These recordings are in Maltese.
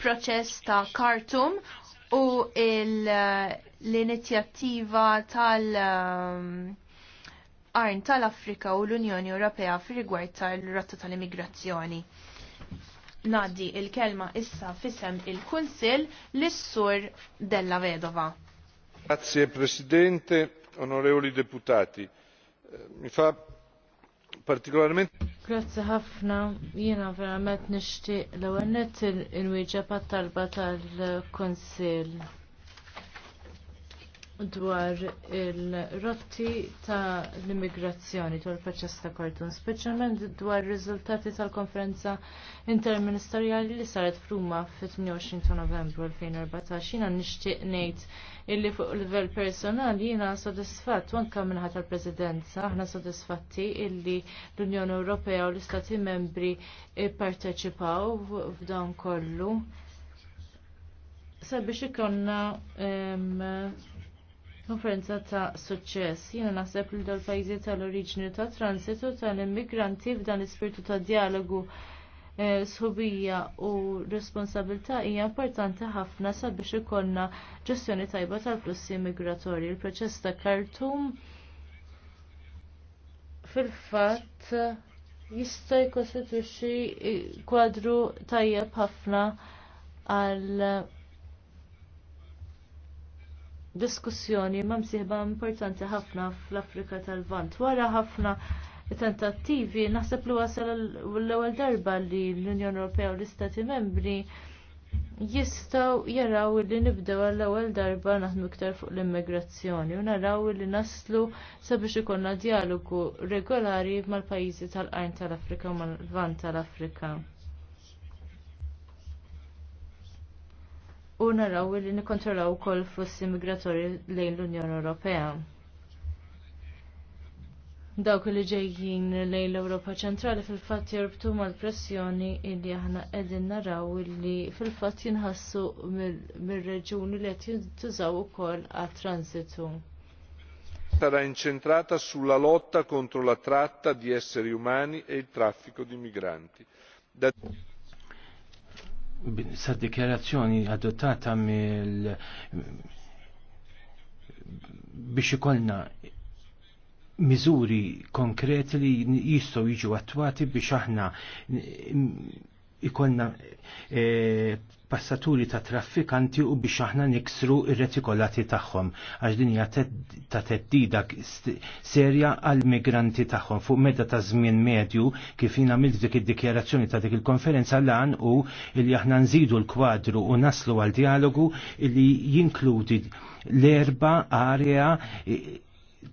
proċess ta' Khartoum u eh, l-inizjattiva tal- eh, Arn tal-Afrika u l-Unjoni Ewropea fir-rigward tal-rotta tal-immigrazzjoni. Nadi il-kelma issa fisem il-Kunsil l-Sur Della Vedova. Grazie Presidente, onorevoli deputati. Eh, mi fa partikolarment. Grazzi ħafna, jiena verament nixtieq l-ewwel nett il-wieġeb għat-talba tal-Kunsill dwar il-rotti ta' l-immigrazzjoni dwar proċess ta' Kortun, speċjalment dwar riżultati tal-konferenza interministerjali li saret f'Ruma fit-28 ta' Novembru 2014. Jiena nixtieq ngħid illi fuq livell personali jiena sodisfatt u anke minħat tal-Presidenza aħna sodisfatti illi l-Unjoni Ewropea u l-Istati Membri pparteċipaw f'dan kollu sabiex ikonna konferenza ta' suċċess. Jiena naħseb li dal pajjiżi tal-oriġini ta' transitu tal-immigranti f'dan l-ispirtu ta' dialogu eh, sħubija u responsabilità hija importanti ħafna sabiex ikollna ġestjoni tajba tal-flussi migratorji. Il-proċess ta' Khartoum fil-fatt jista' jkostituxxi kwadru tajjeb ħafna għal diskussjoni ma' msieħba importanti ħafna fl-Afrika tal-Vant. Wara ħafna tentattivi naħseb li wasal l-ewwel darba li l-Unjoni Ewropea u l-Istati Membri jistaw jaraw li nibdew għall ewwel darba naħdmu iktar fuq l-immigrazzjoni u naraw li naslu sabiex ikollna dialogu regolari mal-pajjiżi tal-qarn tal-Afrika u mal-Lvant tal-Afrika. u naraw li nikontrollaw ukoll flussi migratorji lejn l-Unjoni Ewropea. Dawk li ġejjin lejn l-Ewropa ċentrali fil-fatt jirbtu mal-pressjoni illi aħna qegħdin naraw li fil-fatt jinħassu mir-reġuni li qed jintużaw ukoll għat transitu. Sarà incentrata sulla lotta contro la tratta di esseri umani e il traffico di migranti sa dikjarazzjoni adottata mill biex ikollna miżuri konkreti li jistgħu jiġu attwati biex aħna ikonna e, passaturi ta' traffikanti u biex aħna niksru ir-retikolati tagħhom għax din hija ta' teddida serja għal migranti tagħhom fuq medda ta' żmien medju kif jien għamilt dik id-dikjarazzjoni ta' dik il-konferenza lan u li aħna nżidu l-kwadru u naslu għal dialogu li jinkludi l-erba area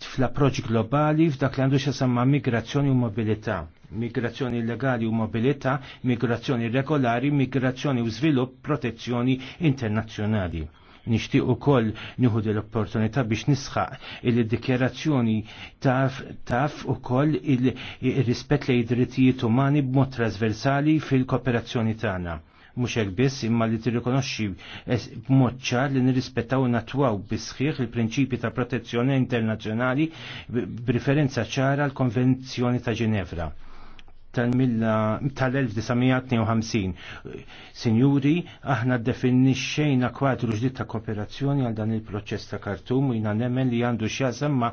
fl-approċ globali f'dak li għandu xasamma migrazzjoni u mobilità. Migrazzjoni legali u mobilità, migrazzjoni regolari, migrazzjoni u svilupp, protezzjoni internazzjonali nishtiq u koll nuhud l-opportunità biex nisħaq il-dikjerazzjoni taf, taf u koll il-rispet li drittijiet umani b'mod trasversali fil-kooperazzjoni tagħna mhux hekk biss imma li tirrikonoxxi eh, b'mod ċar li nirrispettaw natwaw bisħiħ il-prinċipji ta' protezzjoni internazzjonali b'riferenza ċara l-Konvenzjoni ta' Ġenevra tal-1952. Sinjuri, aħna definixxejna kwadru ġdid ta' kooperazzjoni għal dan il-proċess ta' kartum u jina nemmen li għandu xjazem ma'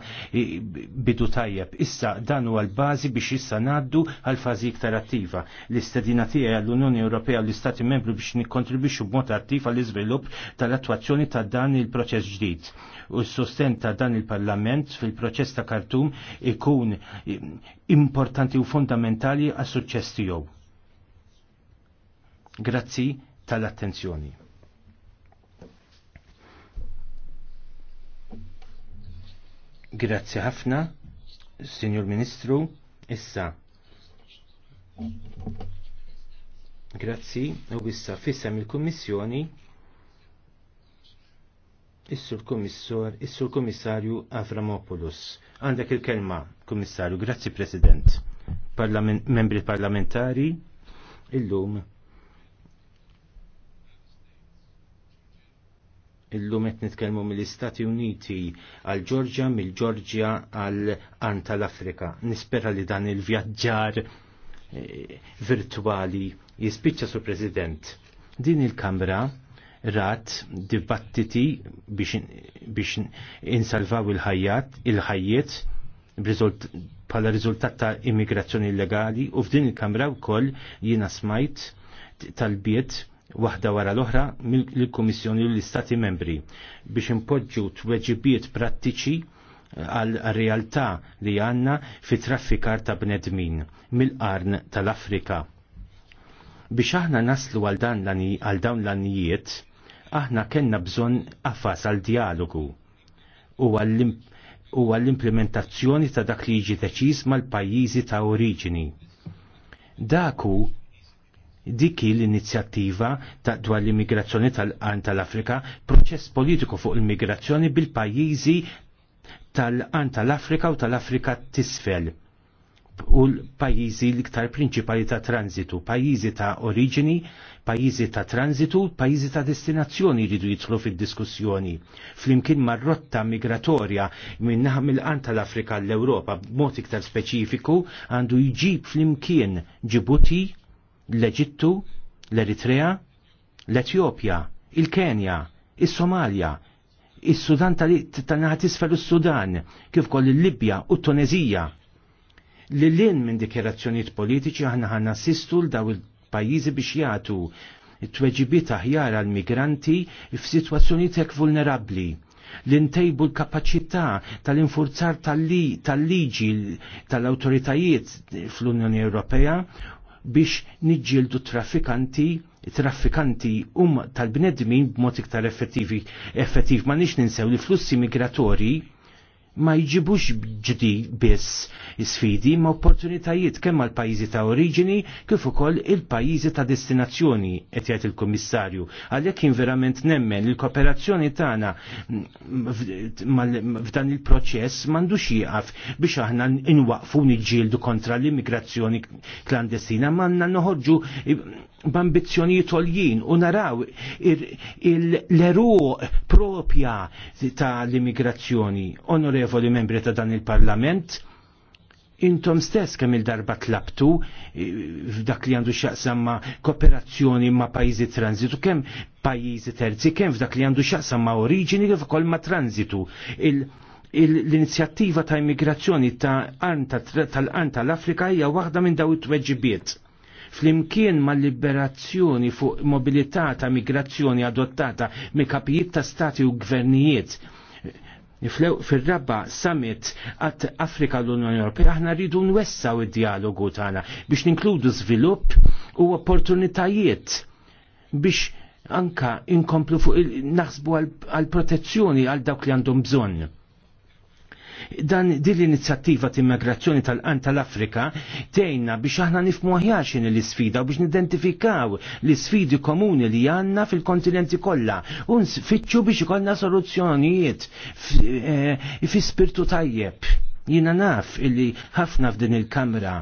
bidu tajjeb. Issa dan huwa l-bażi biex issa ngħaddu għal fażi iktar attiva. L-istedina tiegħi għall-Unjoni Ewropea u l-Istati Membru biex nikkontribwixxu b'mod attiv għall-iżvilupp tal-attwazzjoni ta' dan il-proċess ġdid u s-sostenta dan il-Parlament fil-proċess ta' Kartum ikun importanti u fondamentali għas suċċess tiegħu. Grazzi tal-attenzjoni. Grazzi ħafna, Signor Ministru, issa. Grazzi, u issa fissem il-Kommissjoni Is-Sur Komissar, Is-Sur Komissarju Avramopoulos. Għandak il-kelma, Komissarju, grazzi President. Parlament, membri parlamentari, illum. Illum qed nitkellmu mill-Istati Uniti għal Ġorġja, mill-Ġorġja għal Anta l-Afrika. Nispera li dan il-vjaġġar eh, virtuali jispiċċa su President. Din il-Kamra rat dibattiti biex insalvaw il-ħajjat, il-ħajjiet bħala riżultat ta' immigrazzjoni illegali u f'din il-kamra wkoll jiena smajt talbiet waħda wara l-oħra mill-Kummissjoni u l-Istati membri biex impoġġu tweġibiet prattiċi għal realtà li għanna fi traffikar ta' bnedmin mill-qarn tal-Afrika. Biex aħna naslu għal dawn l-anijiet, aħna kellna bżonn qafas għal dialogu u għall-implementazzjoni ta' dak li jiġi deċiż mal-pajjiżi ta' oriġini. Daku diki l-inizjattiva ta' dwar l-immigrazzjoni tal-qan tal-Afrika, proċess politiku fuq l-immigrazzjoni bil-pajjiżi tal-qan tal-Afrika u tal-Afrika t-isfel u l-pajizi l-iktar prinċipali ta' tranzitu, pajizi ta' oriġini, pajizi ta' tranzitu, pajizi ta' destinazzjoni jridu jitlu fil-diskussjoni. Flimkien mar-rotta migratorja minn mill-qan tal-Afrika l-Europa, b'mod iktar speċifiku, għandu jġib flimkien Ġibuti, l-Eġittu, l-Eritrea, l-Etjopja, il-Kenja, il-Somalia, il-Sudan tal-naħat isfel il-Sudan, kif koll il-Libja u t-Tunezija li l lien minn dikjerazzjoniet politiċi aħna ħanna assistu l-daw il-pajizi biex jgħatu t tweġibiet aħjar għal migranti f'sitwazzjonijiet hekk vulnerabbli li ntejbu l-kapacità tal-infurzar tal-liġi tal-autoritajiet fl-Unjoni Ewropea biex niġġieldu traffikanti traffikanti um tal-bnedmin b'mod iktar effettivi effettiv ma nix ninsew li flussi migratori ma jġibux ġdi biss sfidi ma opportunitajiet kemm għal pajjiżi ta' oriġini kif ukoll il-pajjiżi ta' destinazzjoni qed jgħid il-Kummissarju. Għalhekk jien verament nemmen il-kooperazzjoni tagħna f'dan il-proċess m'għandux jieqaf biex aħna inwaqfu niġġieldu kontra l-immigrazzjoni klandestina ma għandna noħorġu b'ambizzjonijiet toljin u naraw l-eruq propja ta' l-immigrazzjoni. Onorevoli membri ta' dan il-Parlament, intom stess kemm il-darba tlabtu eh, f'dak li għandu xaqsam ma' kooperazzjoni ma' pajjiżi transitu, kemm pajjiżi terzi, kemm f'dak li għandu xaqsam ma' oriġini kif ukoll ma' transitu. L-inizjattiva ta' immigrazzjoni ta' tal-qan tal-Afrika hija waħda minn daw it-tweġibiet flimkien ma' liberazzjoni fuq mobilità ta' migrazzjoni adottata mi kapijiet ta' stati u gvernijiet fil-rabba summit għat Afrika l-Unjoni Ewropea aħna rridu nwessaw id-dialogu tagħna biex ninkludu żvilupp u opportunitajiet biex anka inkomplu fuq naħsbu għal protezzjoni għal dawk li għandhom bżonn Dan din l-inizjattiva ta' immigrazzjoni tal-qan tal-Afrika tgħinna biex aħna nifmu aħjar l-isfida u biex nidentifikaw l-isfidi komuni li għandna fil-kontinenti kollha u nfittxu biex ikollna soluzzjonijiet eh, fi spirtu tajjeb jina naf illi ħafna f'din il-kamra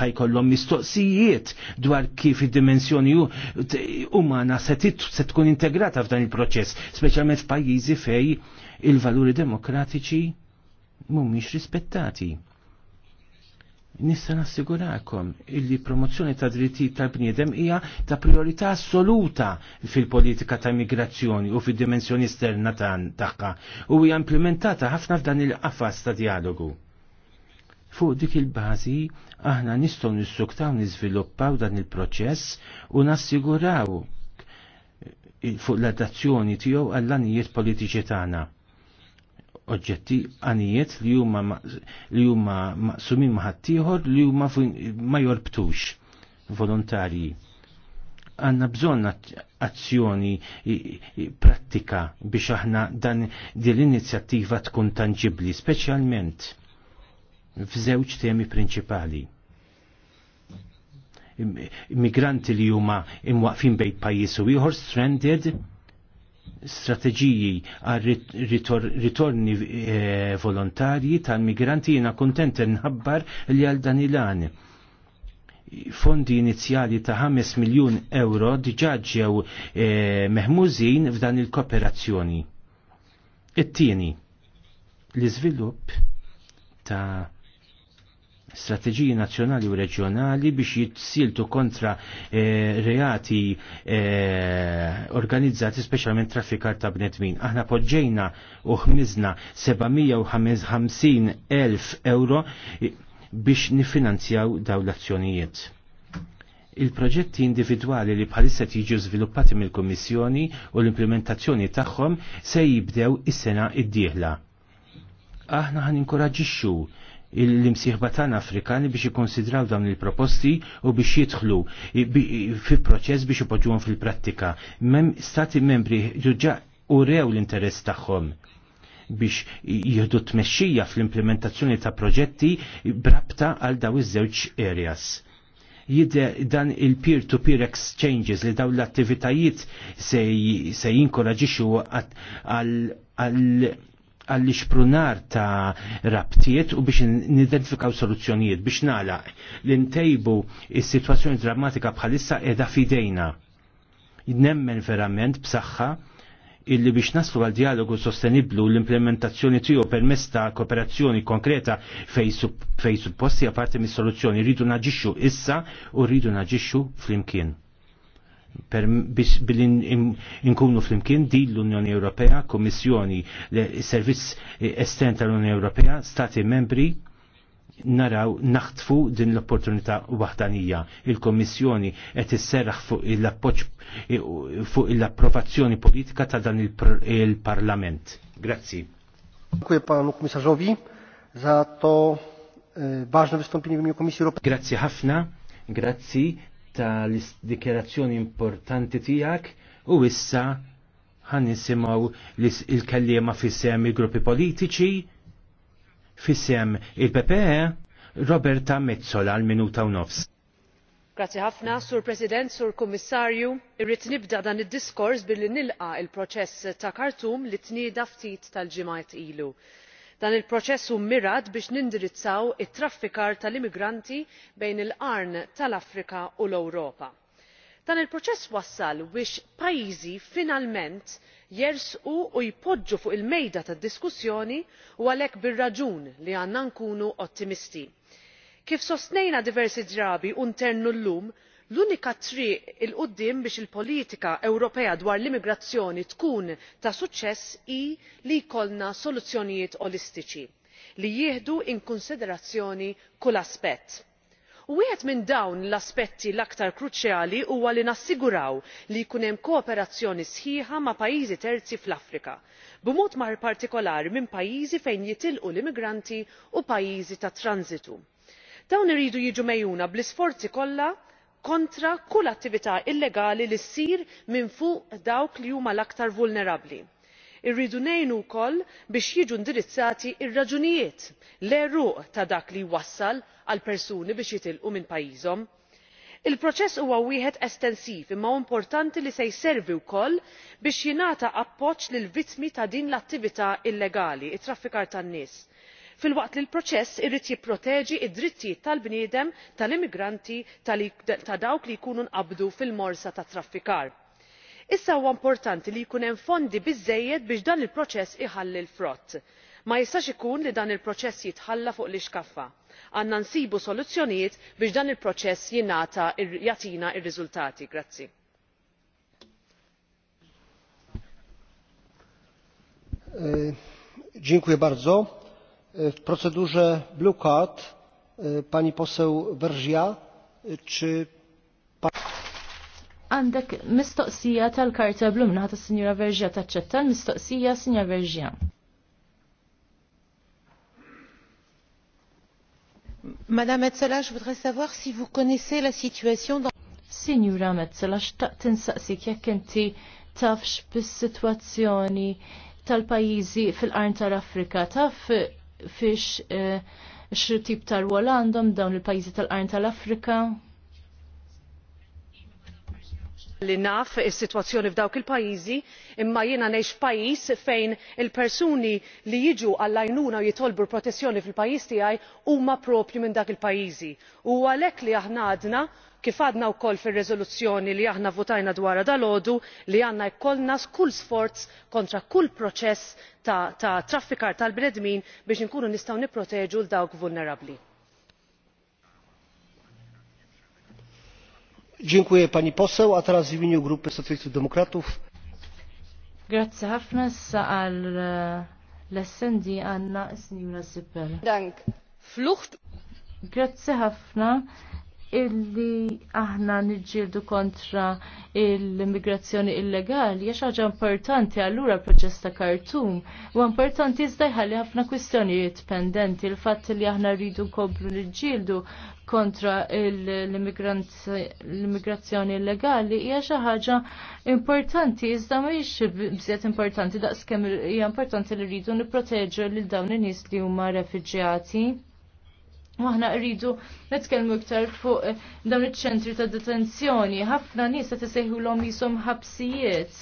ħajkollhom mistoqsijiet dwar kif id-dimensjoni umana se tkun integrata f'dan il-proċess, speċjalment f'pajjiżi fej il-valuri demokratiċi mhumiex rispettati. Nista' nassigurakom illi promozzjoni ta' drittijiet tal-bniedem hija ta' priorità assoluta fil-politika ta' immigrazzjoni u fid-dimensjoni esterna tagħha u hija implementata ħafna f'dan il-qafas ta' dialogu. Fuq dik il-bażi aħna nistgħu nissuktaw niżviluppaw dan il-proċess u nassiguraw fuq l-adazzjoni tiegħu għall-anijiet politiċi tagħna oġġetti għanijiet li huma li huma maqsumin maħattieħor li huma ma jorbtux volontarji. Għanna bżonn azzjoni prattika biex aħna dan din l-inizjattiva tkun tangibli, speċjalment f'żewġ temi prinċipali Immigranti li huma imwaqfin bejn pajjiż u ieħor stranded strateġiji għal ritorni eh, volontarji tal-migranti jina kontent nħabbar li għal dan il-għan. Fondi inizjali ta' 5 miljon euro diġaġġew eh, meħmużin f'dan il-kooperazzjoni. It-tieni, l-iżvilupp ta' strategiji nazzjonali u reġjonali biex jitsiltu kontra eh, reati eh, organizzati specialment traffikar ta' bnedmin. Aħna poġġejna u ħmizna 750 elf euro eh, biex nifinanzjaw daw l-azzjonijiet. Il-proġetti individwali li bħalissa tiġu żviluppati mill-Kummissjoni u l-implementazzjoni tagħhom se jibdew is-sena id-dieħla. Aħna ħan inkoraġixxu l-imsieħba tan Afrikani biex jikonsidraw dawn il-proposti u biex jidħlu fi proċess biex ipoġġuhom fil-prattika. Mem stati membri ġuġa u rew l-interess tagħhom biex jihdu tmexxija fl-implementazzjoni ta' proġetti brabta għal daw iż-żewġ areas. Jidde dan il-peer-to-peer -peer exchanges li daw l-attivitajiet se jinkoraġixxu għal għalli xprunar ta' rabtiet u biex nidentifikaw soluzzjonijiet biex nala li ntejbu il sitwazzjoni drammatika bħalissa edha fidejna. Nemmen verament b'saħħa illi biex naslu għal dialogu sosteniblu l-implementazzjoni tiegħu permezz ta' kooperazzjoni konkreta fej supposti għaparti mis-soluzzjoni rridu naġixxu issa u rridu naġixxu flimkien biex billi inkunu flimkien di l-Unjoni Ewropea, Komissjoni, Servizz eh, Estern tal-Unjoni Ewropea, Stati Membri, naraw naħtfu din l-opportunità waħdanija. Il-Komissjoni qed isserraħ fuq il-appoġġ eh, fuq l-approvazzjoni politika ta' dan il-Parlament. Grazzi. Dziękuję panu komisarzowi za to e, ważne wystąpienie w imieniu Komisji Europejskiej. Grazie hafna. Grazie tal-dikjerazzjoni importanti tijak u issa għan nisimaw il kallima fissem il-gruppi politiċi fissem il-PPE Roberta Mezzola għal-minuta u nofs. Grazie ħafna, Sur President, Sur Kommissarju, irrit nibda dan id-diskors billi nilqa il-proċess ta' Kartum li tnieda ftit tal ġimajt ilu dan il proċess hu mmirat biex nindirizzaw it traffikar tal immigranti bejn il qarn tal afrika u l ewropa. dan il proċess wassal biex pajjiżi finalment jersqu u jpoġġu fuq il mejda tad diskussjoni u għalhekk bir raġun li għandna nkunu ottimisti. kif sostnejna diversi drabi u nternnu llum l-unika triq il quddiem biex il politika ewropea dwar l-immigrazzjoni tkun ta' suċċess hi li jkollna soluzzjonijiet olistiċi li jieħdu konsiderazzjoni kull aspett u wieħed minn dawn l-aspetti l-aktar kruċjali huwa li nassiguraw li jkun hemm kooperazzjoni sħiħa ma' pajjiżi terzi fl-afrika b'mod partikolari minn pajjiżi fejn jitilqu l-immigranti u pajjiżi ta' transitu. dawn iridu jiġu mejjuna bl isforzi kollha kontra kull attività illegali li ssir minn fuq dawk li huma l-aktar vulnerabbli. irridu ngħinu wkoll biex jiġu indirizzati r raġunijiet l-għeruq ta' dak li jwassal għal persuni biex jitilqu minn pajjiżhom. il proċess huwa wieħed estensiv imma importanti li se jservi wkoll biex jingħata appoġġ lill vittmi ta' din l-attività illegali it traffikar tan nies filwaqt li l-proċess irid jipproteġi d-drittijiet tal-bniedem tal-immigranti ta' dawk li jkunu nqabdu fil-morsa ta' traffikar. issa huwa importanti li jkun hemm fondi biżżejjed biex dan il-proċess iħalli l-frott. ma jistax ikun li dan il-proċess jitħalla fuq l-ixkaffa għandna nsibu soluzzjonijiet biex dan il-proċess jagħtina r-riżultati. Eh, dziękuję bardzo. E, w procedurze blue card e, pani poseł Berżja e, czy Għandek mistoqsija tal-karta blumna ta' Sinjura Verġja taċċetta l-mistoqsija Sinjura Verġja. Madame Metzela, je voudrais savoir si vous connaissez la situation dans... Signora Metzela, xtaq tinsaqsik jekk inti tafx bis-situazzjoni tal-pajizi fil-qarn tal-Afrika, taf fiex eh, x'tip ta' rwol għandhom dawn il-pajjiżi tal-qarn tal-Afrika li naf is-sitwazzjoni f'dawk il-pajjiżi imma jiena ngħix f'pajjiż fejn il-persuni li jiġu għall għajnuna u jitolbu l-protezzjoni fil-pajjiż tiegħi huma proprju minn dak il-pajjiżi u għalhekk li aħna għadna kif għadna wkoll fir-riżoluzzjoni li aħna vvutajna dwarha dalgħodu li għandna jkollna kull sforz kontra kull proċess ta' traffikar tal bnedmin biex inkunu nistgħu nipproteġu lil dawk vulnerabbli. Dziękuję pani poseł, a teraz w imieniu Grupy Socjalistów Demokratów. Grazie ħafna għal eh, l-essendi għanna s-sinjura Sippel. Dank. Flucht. Grazie ħafna illi aħna niġġieldu kontra l-immigrazzjoni illegali hija ħaġa importanti allura l-proċess ta' kartum, u importanti iżda jħalli ħafna kwistjonijiet pendenti il-fatt li aħna rridu nkomplu niġġieldu kontra l-immigrazzjoni illegali hija xi ħaġa importanti iżda mhijiex bżiet importanti daqskemm hija importanti li rridu nipproteġu lil dawn in-nies li huma refuġjati. Maħna rridu netkellmu iktar fuq eh, dawn iċ-ċentri ta' detenzjoni. Ħafna nies qed isejħulhom jisom ħabsijiet.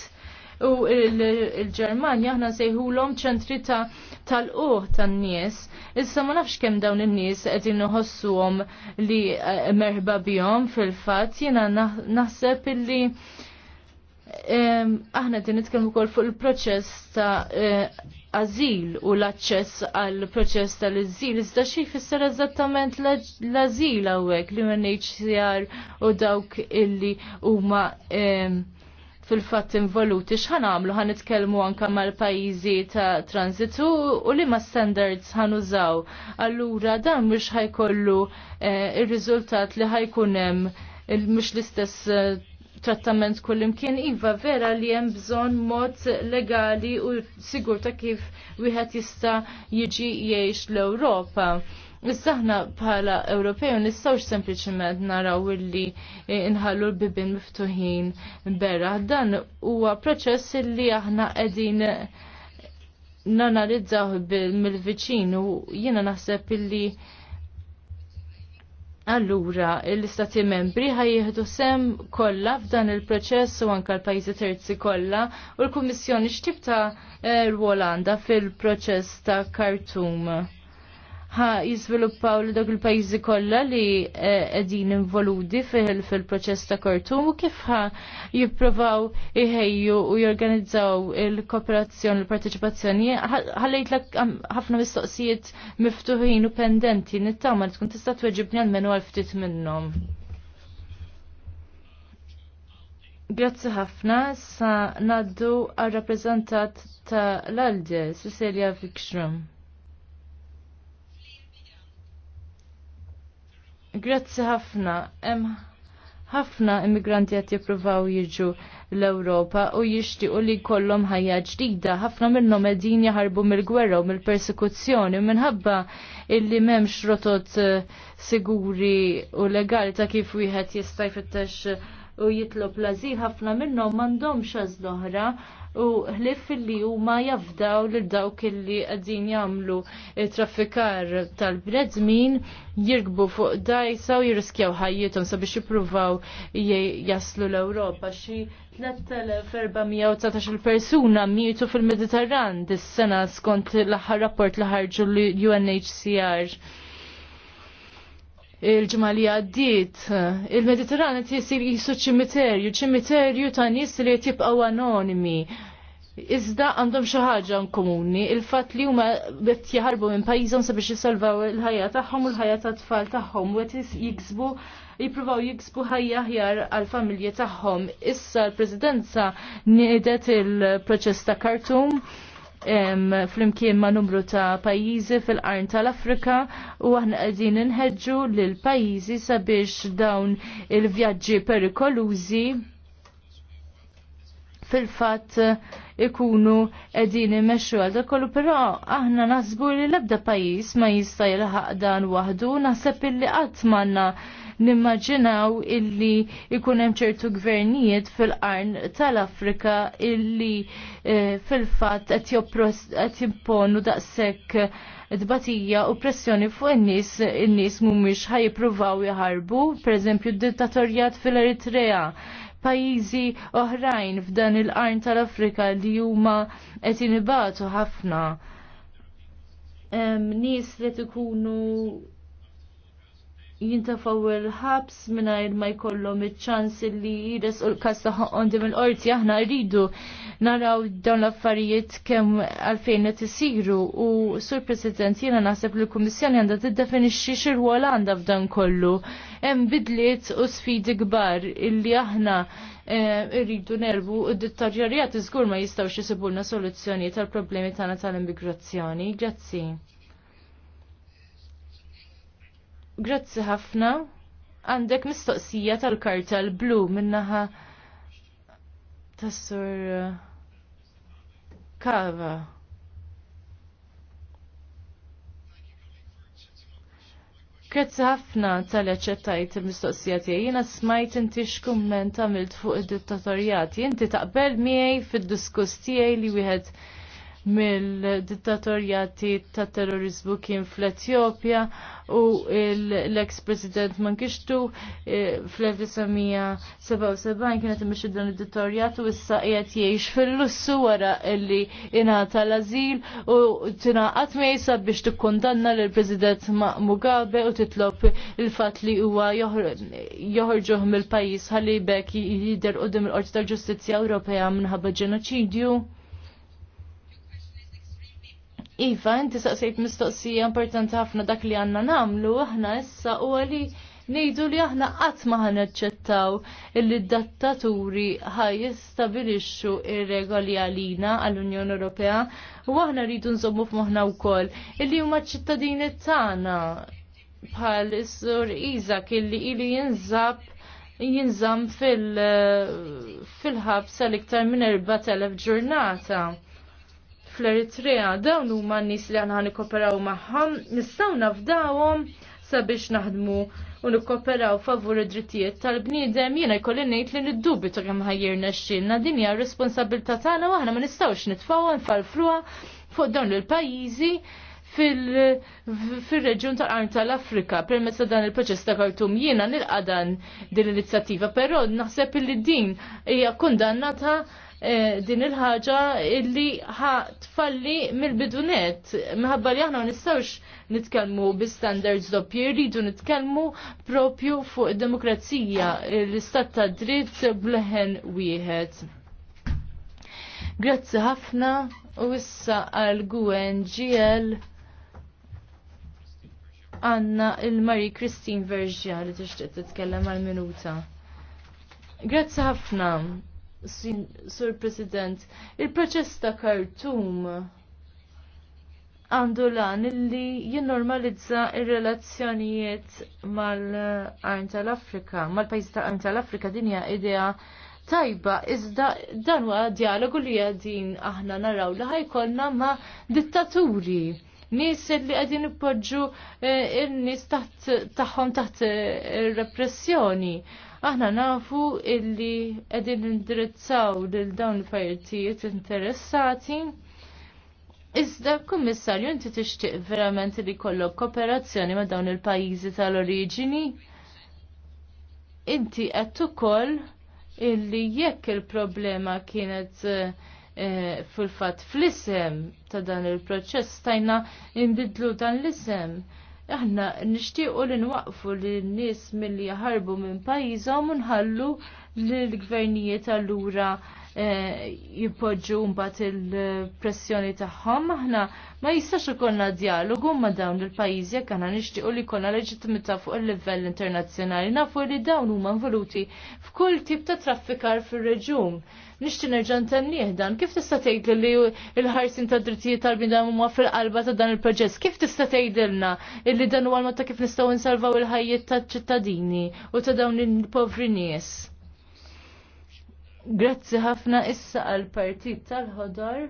U l-Ġermanja aħna sejħulhom ċentri ta' tal uħ tan-nies. Issa ma nafx kemm dawn in-nies qegħdin iħossuhom li eh, merħba bihom fil-fatt jiena naħseb illi eh, aħna din nitkellmu wkoll fuq il-proċess ta' azil u l-aċċess għal proċess tal-azil. Iżda xi jfisser eżattament l-azil hawnhekk li UNHCR u dawk illi huma fil-fatt involuti x'ħan għamlu ħan itkelmu anke mal-pajjiżi ta' transitu u li ma' standards ħan użaw. Allura dan mhux ħajkollu eh, il riżultat li ħajkun hemm l-istess eh, trattament kullimkien iva vera li hemm bżonn mod legali u sigur ta' kif wieħed jista' jiġi jgħix l-Ewropa. Issa aħna bħala Ewropew nistgħux sempliċement naraw illi inħallu l-bibin miftuħin berra. Dan huwa proċess li aħna qegħdin nanalizzaw mill-viċin u jiena naħseb illi Allura, l-istati membri ħajjieħdu sem kollha f'dan il-proċess u anka l-pajjiżi terzi kollha u l-Kummissjoni x'tib ta' eh, għandha fil-proċess ta' Khartoum. Ħa jizviluppaw l-dog il-pajjiżi kollha li eh, qegħdin involuti fil-proċess ta' Kortum u kif ħa jiprovaw iħejju u jorganizzaw il-kooperazzjoni l-parteċipazzjoni ħallejtlek ħafna mistoqsijiet miftuħin u pendenti nittama li tkun tista' tweġibni għalmenu għal ftit minnhom. Grazzi ħafna sa naddu għal rappreżentat ta' l aldi Cecilia Vikstrom. Grazzi ħafna. Hemm ħafna immigranti qed jippruvaw jiġu l-Ewropa u jixtiequ li jkollhom ħajja ġdida. Ħafna minnhom qegħdin jaħarbu mill-gwerra u mill-persekuzzjoni minħabba illi m'hemmx rotot eh, siguri u legali ta' kif wieħed jista' jfittex u jitlob lażil ħafna minnhom m'għandhomx għażla oħra u ħlif li huma jafdaw lil dawk li qegħdin jagħmlu traffikar tal-bnedmin jirkbu fuq dajsa u jirriskjaw ħajjithom sabiex jippruvaw jaslu l-Ewropa xi 3419 persuna mietu fil-Mediterran dis-sena skont l-aħħar rapport li ħarġu l-UNHCR il-ġimgħa li għaddiet. Il-Mediterran qed jisir jisu ċimiterju, ċimiterju ta' nies li qed jibqgħu anonimi. Iżda għandhom xi ħaġa komuni, il-fatt li huma qed jaħarbu minn pajizom sabiex jisalvaw il-ħajja tagħhom u l-ħajja tat-tfal tagħhom u qed jiksbu jipruvaw jiksbu ħajja ħjar għal-familji tagħhom. Issa l-Presidenza nidet il-proċess ta' Khartoum flimkien ma' numru ta' pajjiżi fil-qarn tal-Afrika u aħna qegħdin inħeġġu lil pajjiżi sabiex dawn il-vjaġġi perikolużi fil-fatt ikunu edin imexxu għal kollu, però aħna naħsbu li l-ebda pajjiż ma jista' jilħaq dan waħdu, naħseb illi qatt manna nimmaġinaw illi ikunem hemm ċertu gvernijiet fil-qarn tal-Afrika illi eh, fil-fatt qed jimponu daqshekk dbatija u pressjoni fuq n nies in-nies mhumiex ħajpruvaw jħarbu, pereżempju d-dittatorjat fil-Eritrea pajizi oħrajn f'dan il-qarn tal-Afrika li huma qed jinibatu ħafna. Nies li tkunu jintafaw il-ħabs minnajr ma jkollhom iċ-ċans li jires u l-kas taħondi mill-qorti aħna rridu naraw dawn l-affarijiet kemm għalfejn qed isiru u sur President jiena naħseb li l-Kummissjoni għandha tiddefinixxi x'irwol għandha f'dan kollu. Hemm bidliet u sfidi kbar illi aħna irridu eh, nerbu u d dittarjarijat iżgur ma jistgħux isibulna soluzzjonijiet tal-problemi tagħna tal-immigrazzjoni. Grazzi. Grazzi ħafna. Għandek mistoqsija tal-kartel blu minnaħa tas-sur uh, Kava. Grazzi ħafna tal eċċettajt il-mistoqsija tiegħi. Jiena smajt inti x'kumment għamilt fuq id-dittatorjat. Inti taqbel miegħi fid-diskuss tiegħi li wieħed mill-dittatorjati ta' terrorizmu kien fl-Etjopja u l-ex president Mankishtu eh, fl-1977 kienet id dan id-dittatorjat u issa qiegħed jgħix fil-lussu wara illi ingħata l-azil u tingħaqad mejsa biex tikkundanna lill president Mugabe u titlob il-fatt li huwa joħorġuh mill-pajjiż ħalli bekk jidher dim il-Qorti tal-Ġustizzja Ewropea minħabba ġenoċidju. Iva, inti saqsejt mistoqsija importanti ħafna dak li għanna namlu, aħna issa u għali nejdu li aħna qatt ma ħanaċċettaw illi d-dattaturi ħajjistabilixxu ir-regoli għalina għall-Unjoni Ewropea u aħna rridu nżommu f'moħħna wkoll illi huma ċ-ċittadini tagħna bħal is-sur Iżak illi ili jinżab jinżam fil-ħabs fil għal iktar minn 4,000 ġurnata fl-Eritrea dawn huma n-nies li aħna nikkoperaw magħhom, nistgħu nafdawhom sabiex naħdmu u nikkoperaw favur id-drittijiet tal-bniedem jiena jkolli ngħid li niddubi ta' kemm ħajjirna x'inna din hija responsabilità tagħna u aħna ma nistgħux nitfgħu nfalfruha fuq dawn il-pajjiżi fil-reġjun tal-qarn tal-Afrika permezz ta' dan il-proċess ta' Kartum jiena nilqa' dan din l-inizjattiva, però naħseb li din hija kundannata Eh, din il-ħaġa illi tfalli mill-bidunet. Minħabba li aħna nistawx nitkellmu bi standards doppji, rridu nitkellmu propju fuq demokrazija, l-istat ta' dritt bleħen wieħed. Grazzi ħafna u issa għal GUNGL għanna il mari Christine Verġja li tixtieq titkellem għal minuta. Grazzi ħafna. Sur President, il-proċess ta' Khartoum għandu lan illi jinnormalizza il-relazzjonijiet mal-Arn tal-Afrika, mal-pajjiż ta' Arn tal-Afrika dinja idea tajba, iżda dan huwa dialogu li għadin aħna naraw li ħajkolna ma' dittaturi. Nis li għadin ippoġġu eh, il-nis taħt taħħom taħt eh, repressjoni. Aħna nafu illi qegħdin indirizzaw lil dawn il-partijiet interessati. Iżda, kummissarju, inti tixtieq verament li kollok kooperazzjoni ma' dawn il-pajjiżi tal-oriġini? Inti qed ukoll illi jekk il-problema kienet eh, fil fatt fl-isem ta' dan il-proċess tajna imbidlu dan l-isem aħna nixtiequ li nwaqfu lin nies milli jaħarbu minn pajjiżhom u nħallu li l-gvernijiet allura eh, jipoġġu mbagħad il-pressjoni tagħhom aħna ma jistax ikollna dialogu ma' dawn il-pajjiżi jekk aħna nixtiequ li jkollna leġittimità fuq il-livell internazzjonali nafu li dawn huma involuti f'kull tip ta' traffikar fir-reġjun. Nixti nerġa' ntennieh dan kif tista' tgħidli li l-ħarsin ta' drittijiet tal-bnidem huma fil-qalba ta' dan il-proġess, kif tista' tgħidilna illi dan huwa l-mod ta' kif nistgħu nsalvaw il-ħajjiet tal-ċittadini u ta' dawn il-povri nies. Grazzi ħafna issa għal partit tal ħodar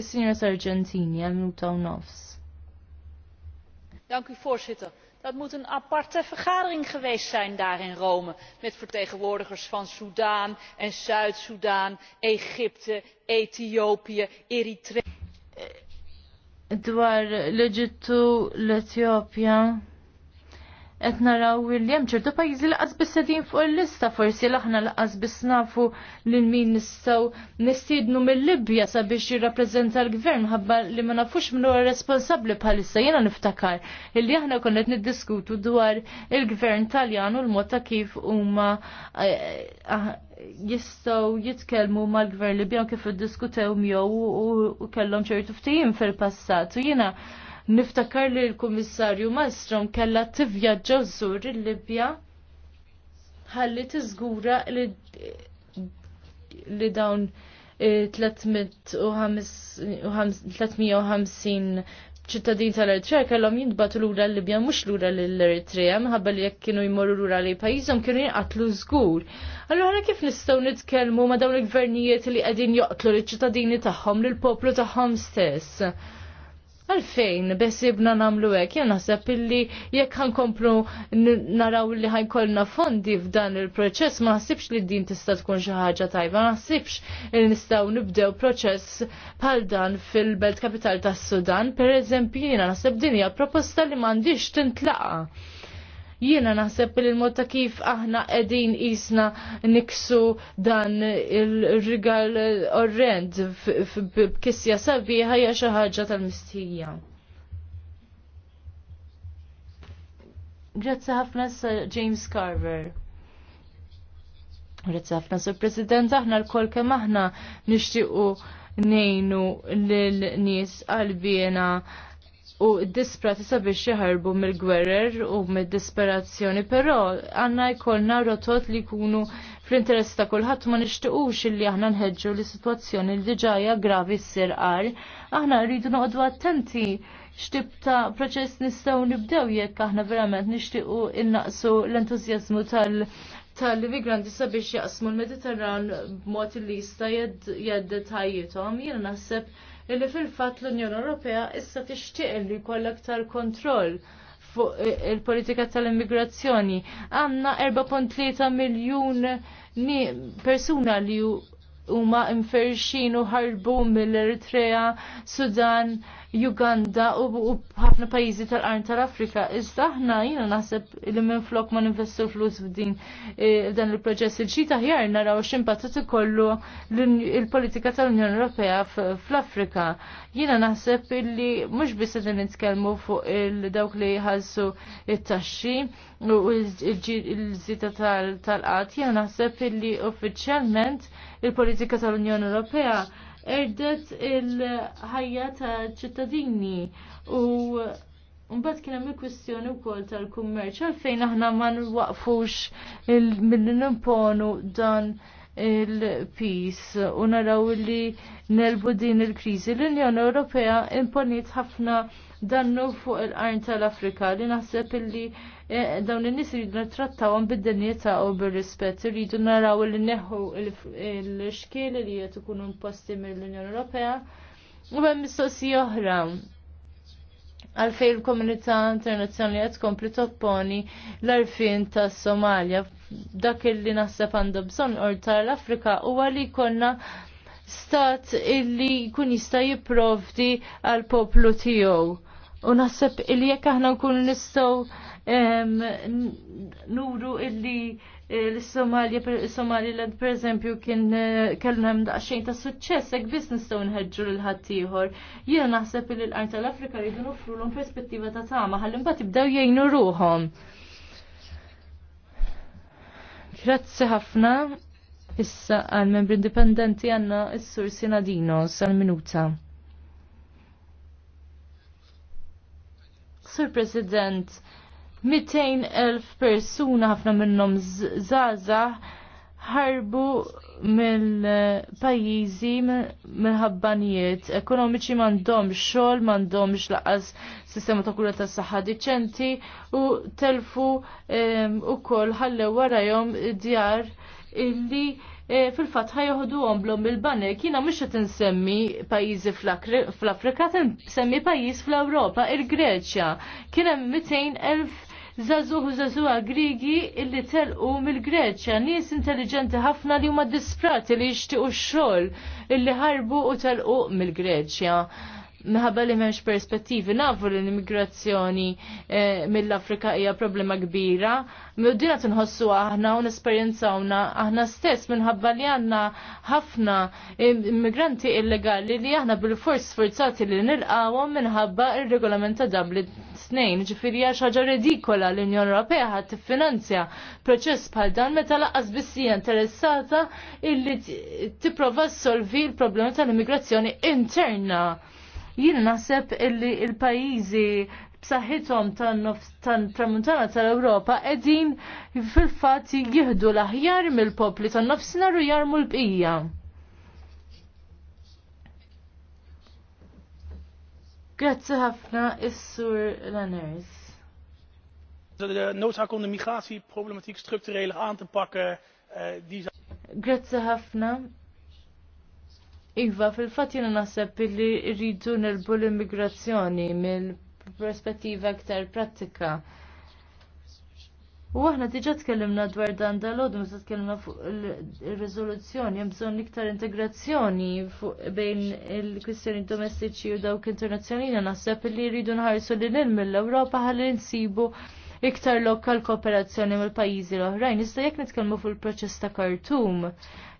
Is-Sinjora Sargentini għal minuta u nofs. Dank u voorzitter. Dat moet een aparte vergadering geweest zijn daar in Rome. Met vertegenwoordigers van Soudaan en Zuid-Soedan, Egypte, Ethiopië, Eritrea. Het waren eġittu l qed naraw li hemm ċertu pajjiżi laqas biss qegħdin fuq il-lista forsi l-aħna laqas biss nafu lil min nistgħu nistiednu mill-Libja sabiex jirrappreżenta l-gvern ħabba li ma nafux min huwa responsabbli bħalissa jiena niftakar illi aħna konna qed niddiskutu dwar il-gvern Taljan u l-mod ta' kif huma eh, eh, jistgħu jitkellmu mal-gvern Libjan kif iddiskutew miegħu u kellhom ċertu ftehim fil-passat u jiena Niftakar li l-Kummissarju Malmstrom kella tivvjaġġa żur il-Libja ħalli tiżgura li li dawn 350 e, ċittadin tal-Eritrea kellhom jintbatu lura l-Libja mhux lura l-Eritrea minħabba li jekk kienu jmorru lura li pajjiżhom kienu jinqatlu żgur. Allura kif nistgħu nitkellmu ma' dawn il-gvernijiet li qegħdin joqtlu l-ċittadini tagħhom lill poplu tagħhom stess? Għalfejn, besibna namlu għek, jena naħseb illi jekk komplu naraw li ħajkolna fondi f'dan il-proċess, ma naħsibx li din tista' tkun xi ħaġa tajba, ma naħsibx li nistgħu nibdew proċess bħal dan fil-Belt Kapital tas-Sudan, per eżempju jiena naħseb din hija proposta li m'għandix tintlaqa' Jiena naħseb li l-mod ta' kif aħna qegħdin isna niksu dan il-rigal orrend b'kissja sabiħa hija xi ħaġa tal-mistija. Grazzi ħafna James Carver. Grazzi ħafna Sur President, aħna l-kol kemm aħna nixtiequ nejnu lil nies qalbina u disprati sabiex jħarbu mill-gwerer u mill-disperazzjoni, però għanna jkollna rotot li kunu fl-interess ta' kulħadd ma nixtiequx illi aħna nħeġġu li situazzjoni li ġajja gravi ssir qar. Aħna rridu noqogħdu attenti x'tib ta' proċess nistgħu nibdew jekk aħna verament nixtiequ innaqsu l-entużjażmu tal- tal-immigranti sabiex jaqsmu l-Mediterran b'mod li jista' jeddet ħajjithom. Jiena naħseb illi fil-fatt l-Unjoni Ewropea issa tixtieq li jkollha aktar kontroll fuq il-politika tal-immigrazzjoni. Għanna 4.3 miljun persuna li huma mferxin u ħarbu mill-Eritrea, Sudan, Uganda u ħafna pajjiżi tal-qarn tal-Afrika. Iżda aħna jiena naħseb li minn flok ma ninvestu flus f'din eh, dan il-proġess il ġi taħjar naraw x'impatt ikollu il-politika tal-Unjoni Ewropea fl-Afrika. Jiena naħseb illi mhux biss qed nitkellmu fuq il-dawk li jħallsu it-taxxi u l-żita tal qat jiena naħseb illi uffiċjalment il-politika tal-Unjoni Ewropea erdet il-ħajja ta' ċittadini u Mbagħad kien hemm il-kwistjoni wkoll tal-kummerċ għalfejn aħna ma nwaqfux milli nimponu dan il-pis u naraw li nelbu din il-kriżi. L-Unjoni Ewropea imponiet ħafna dannu fuq il-qarn tal-Afrika li naħseb illi E, dawn in-nies iridu nittrattawhom bid-dinjità u bir-rispett, irridu naraw li neħu l-xkiel li qed ikunu imposti mill-Unjoni Ewropea. U hemm mistoqsija oħra għalfej il-komunità internazzjonali qed tkompli topponi l-arfin tas Somalia. Dak li naħseb għandu bżonn orta l-Afrika huwa li konna stat illi jkun jista' jipprovdi għal poplu tiegħu. U naħseb illi jekk aħna nkunu nistgħu nuru illi eh, l-Somalia, Somaliland per eżempju kien eh, kellu hemm daqsxejn ta' suċċess hekk biss nistgħu nħeġġu lil ħaddieħor. Jiena naħseb li l art tal-Afrika jridu nofrulhom perspettiva ta' tama ħalli mbagħad jibdew jgħinu ruhom. Grazzi ħafna. Issa għal membri indipendenti għanna s-sur Sinadino sal-minuta. Sur President, 200.000 persuna ħafna minnhom zaza ħarbu mill-pajjiżi mill-ħabbanijiet ekonomiċi m'għandhom xogħol, m'għandhomx laqas sistema ta' kura tas saħħa diċenti u telfu ehm, ukoll ħallew warajhom djar illi e, fil-fatt ħajħoduhom blom bil banek kina mhux qed insemmi pajjiżi fl-Afrika, semmi pajjiż fl-Ewropa, il-Greċja. Kien hemm elf zazuħ u zazuħa Grigi illi telqu mill-Greċja, nies intelligenti ħafna li huma disprati li jixtiequ x-xogħol illi ħarbu u telqu mill-Greċja minħabba li m'hemmx perspettivi nafu li l-immigrazzjoni eh, mill-Afrika hija problema kbira. Mildina tinħossu aħna u nesperjenzawna aħna stess minħabba li għandna ħafna immigranti illegali li aħna bil-fors sforzati li nilqawhom minħabba r regolament ta' Dublin snejn, ġifieri hija ħaġa redikola l-Unjoni Ewropea ħadd tiffinanzja proċess bħal dan meta laqas bissija interessata illi tipprova ssolvi l-problema tal-immigrazzjoni interna. Jien naħseb illi il-pajjiżi b'saħħithom tan-tramuntana tal-Ewropa qegħdin fil-fatt jieħdu l-aħjar mill-popli tan-nofsinhar u jarmu l-bqija. Grazzi ħafna is-sur Lanners. De eh, noodzaak om de migratieproblematiek structureel aan te pakken, eh, die Grazzi ħafna Iva, fil-fat jena naħseb li rridu nerbu l-immigrazzjoni mill-perspettiva aktar pratika. U aħna diġa tkellimna dwar dan dal-għodu, meta tkellimna fuq il rezoluzzjoni hemm bżonn iktar integrazzjoni bejn il-kwistjoni domestiċi u dawk internazzjonali, naħseb li jridu nħarsu lil ilm mill-Ewropa ħalli nsibu iktar lokal kooperazzjoni mill-pajjiżi l-oħrajn. Iżda jekk nitkellmu fuq il-proċess ta' Khartoum,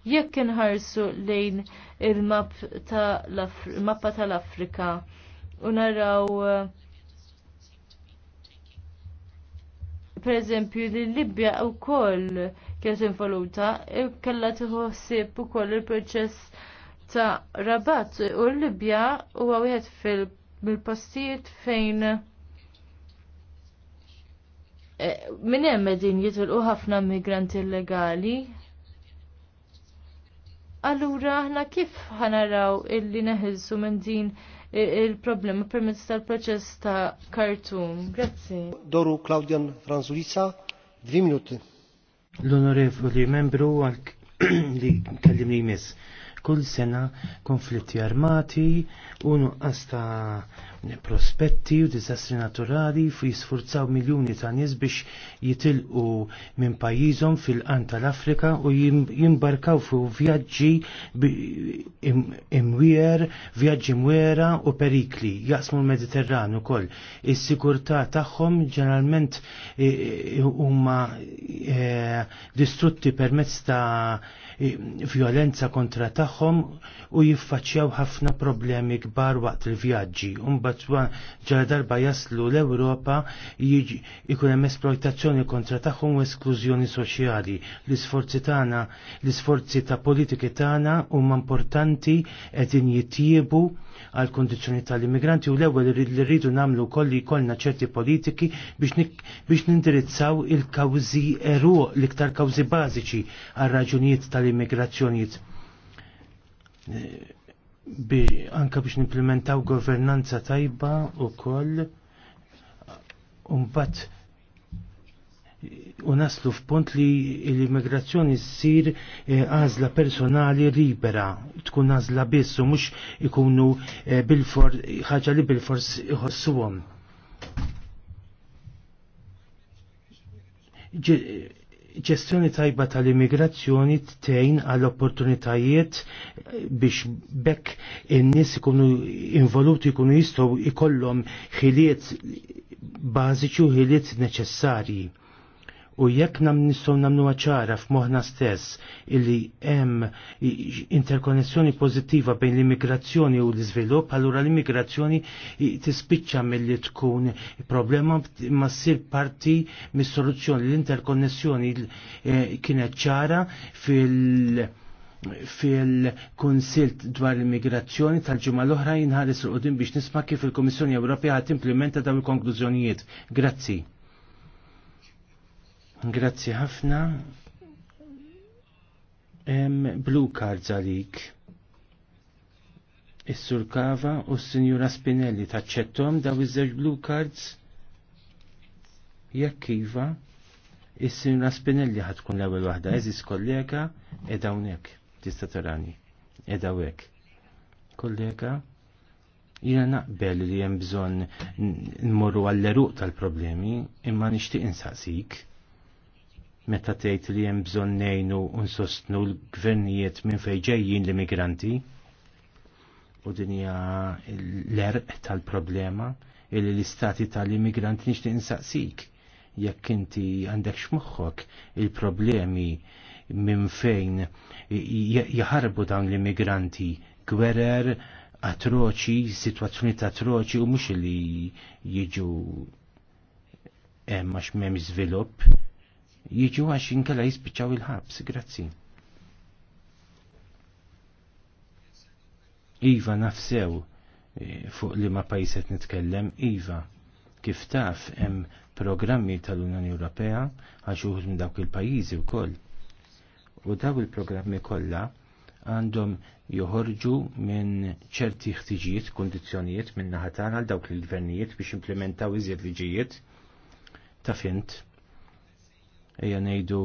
jekk inħarsu lejn il-mappa tal-Afrika u naraw per eżempju li Libja u koll kienet involuta e kella tħossib u koll il-proċess ta' rabat u Libja u għawiet fil-postijiet fejn e, minn hemm qegħdin jitilqu ħafna migranti illegali Allura aħna kif ħanaraw illi neħilsu minn din il-problema permezz tal-proċess ta' Khartoum? Grazzi. Doru Claudian Franzulisa, dvi minuti. L-onorevoli membru għal li kellimni jmiss kull sena konflitti armati u nuqqas prospetti u disastri naturali fu jisfurzaw miljoni ta' nies biex jitilqu minn pajjiżhom fil-qan tal-Afrika u jimbarkaw fu vjaġġi imwier, vjaġġi mwera u perikli jaqsmu l mediterranu ukoll. Is-sigurtà tagħhom ġeneralment huma Eh, distrutti permezz ta' violenza kontra tagħhom u jiffaċċjaw ħafna problemi kbar waqt il-vjaġġi. Umbagħad ġara darba jaslu l-Ewropa jkun hemm esploitazzjoni kontra tagħhom u esklużjoni soċjali. L-isforzi tagħna, l-isforzi ta' politiki tagħna huma importanti qegħdin jittiebu għal kondizjoni tal-immigranti u l-ewwel li rridu nagħmlu kolli jkollna ċerti politiki biex nindirizzaw il-kawżi eru l-iktar kawżi bażiċi għal raġunijiet tal-immigrazzjonijiet anka biex nimplementaw governanza tajba u koll un-bat u naslu f'punt li l-immigrazzjoni ssir eh, għażla personali ribera tkun għażla biss u mhux ikunu eh, bil-for ħaġa li bil-fors għom. ġestjoni tajba tal-immigrazzjoni tejn għall opportunitajiet eh, biex bekk in-nies ikunu involuti ikunu jistgħu ikollhom ħiliet bażiċi u ħiliet neċessarji u jekk nam nistgħu nagħmlu ċara f'moħħna stess illi hemm interkonnessjoni pozittiva bejn l-immigrazzjoni u l-iżvilupp, allura l-immigrazzjoni tispiċċa milli tkun problema ma ssir parti mis-soluzzjoni l-interkonnessjoni eh, kienet ċara fil- fil konsilt dwar l-immigrazzjoni tal-ġimgħa l-oħra jinħares l biex nisma' kif il-Kummissjoni Ewropea għat implementa dawn il-konklużjonijiet. Grazzi. Grazzi ħafna. Em blue cards għalik. Is-Sur Kava u s-Sinjura Spinelli taċċettom daw iż-żewġ blue cards? Jekk iva, is-Sinjura Spinelli ħatkun l-ewwel waħda, eżis kollega ed hawnhekk tista' tarani. Ed hawnhekk. Kollega, jina naqbel li hemm bżonn nmorru għall-eruq tal-problemi imma nixtieq insaqsik meta tgħid li hemm bżonn ngħinu u nsostnu l-gvernijiet minn fejn ġejjin l-immigranti u din hija l-erq tal-problema illi l-istati tal-immigranti nixtieq insaqsik jekk inti għandek x'moħħok il-problemi minn fejn jaħarbu dawn l-immigranti gwerer atroċi, situazzjoni ta' atroċi u mhux li jiġu hemm għax m'hemm żvilupp jiġu għax inkella jispiċċaw il-ħabs, grazzi. Iva nafsew eh, fuq li ma pajset nitkellem, Iva, kif taf hemm programmi tal-Unjoni Ewropea għax uħud minn dawk il-pajjiżi wkoll. U daw il-programmi kollha għandhom joħorġu minn ċerti ħtiġijiet, kondizzjonijiet minn naħatan għal dawk il-gvernijiet biex implementaw iżjed liġijiet ta' fint eja nejdu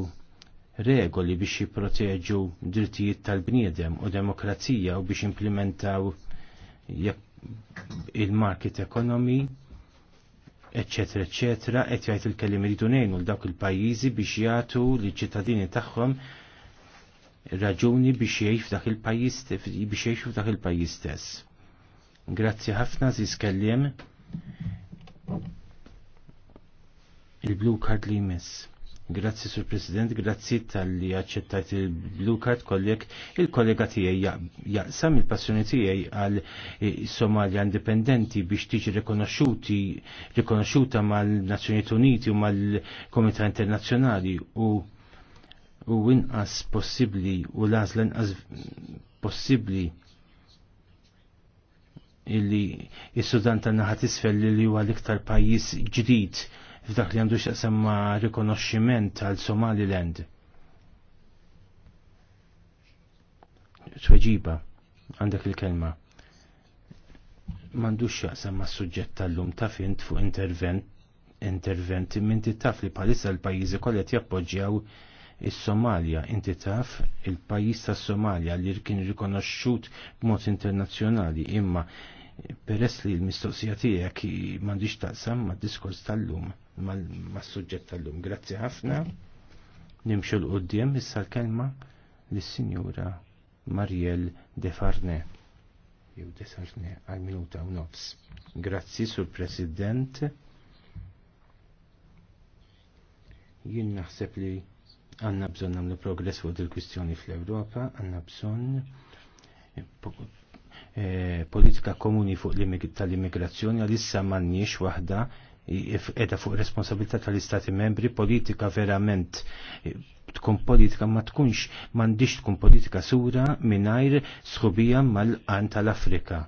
regoli biex jipproteġu drittijiet tal-bniedem u demokrazija u biex implementaw il-market economy, etc. etc. et jgħid il kellim rridu nejnu l dawk il-pajjiżi biex jagħtu liċ-ċittadini tagħhom raġuni biex jgħix f'dak il-pajjiż biex jgħixu f'dak il-pajjiż stess. Grazzi ħafna żis kelliem il-blue card li jmiss. Grazzi sur President, grazzi tal-li għacċettajt il-Blue Card kollek, il-kollega tijaj jaqsam il-passjoni tijaj għal eh, Somalia indipendenti biex tiġi rekonosciuti, rekonosciuta mal nazzjonijiet Uniti u mal-Komunità Internazzjonali u u inqas possibli u lazlen inqas possibli illi il-Sudan tan-naħat isfel li huwa l-iktar pajjiż ġdid f'dak li għandu xaqsemma rikonoxximent għal Somaliland. Tweġiba għandek il-kelma. Mandu xaqsemma s suġġett tal-lum ta' fint fuq intervent interventi minti taf li palissa l-pajizi kollet jappoġġjaw is-Somalia, inti taf il-pajis ta' Somalia li kien rikonoxxut b'mod internazzjonali imma peress li l-mistoqsija tiegħek m'għandix taqsam mad-diskors tal-lum mas-suġġett tal-lum. Grazzi ħafna. Nimxu l-qoddim issa l-kelma lis-Sinjura Mariel Defarne. Jew Farne, għal minuta u nofs. Grazzi sur President. Jien naħseb li għanna bżon namlu progress fuq il-kwistjoni fl-Ewropa, għanna bżon eh, eh, politika komuni fuq tal-immigrazzjoni għal issa m'għandniex waħda edha fuq responsabilità tal-Istati membri politika verament eh, tkun politika ma tkunx mandiġ tkun politika sura minajr sħubija mal-qan tal-Afrika.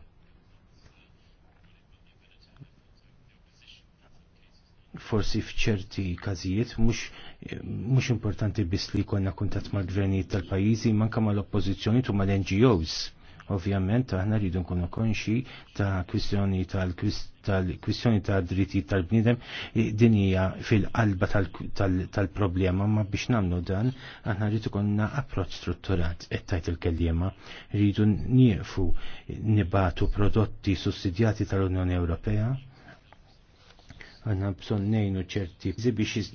forsi fċerti kazijiet eh, mhux importanti biss li jkollna kuntatt mal-gvernijiet tal-pajjiżi manka mal oppozizjoni u mal-NGOs Ovvjament aħna rridu nkunu konxi ta' kwistjoni tal-kwistjoni ta' dritti tal-bnidem din hija fil-qalba tal-problema ma biex nagħmlu dan aħna rridu konna approċċ strutturat qed tajt il-kelliema rridu nieqfu nibatu prodotti sussidjati tal-Unjoni Ewropea għanna bżon nejnu ċerti biex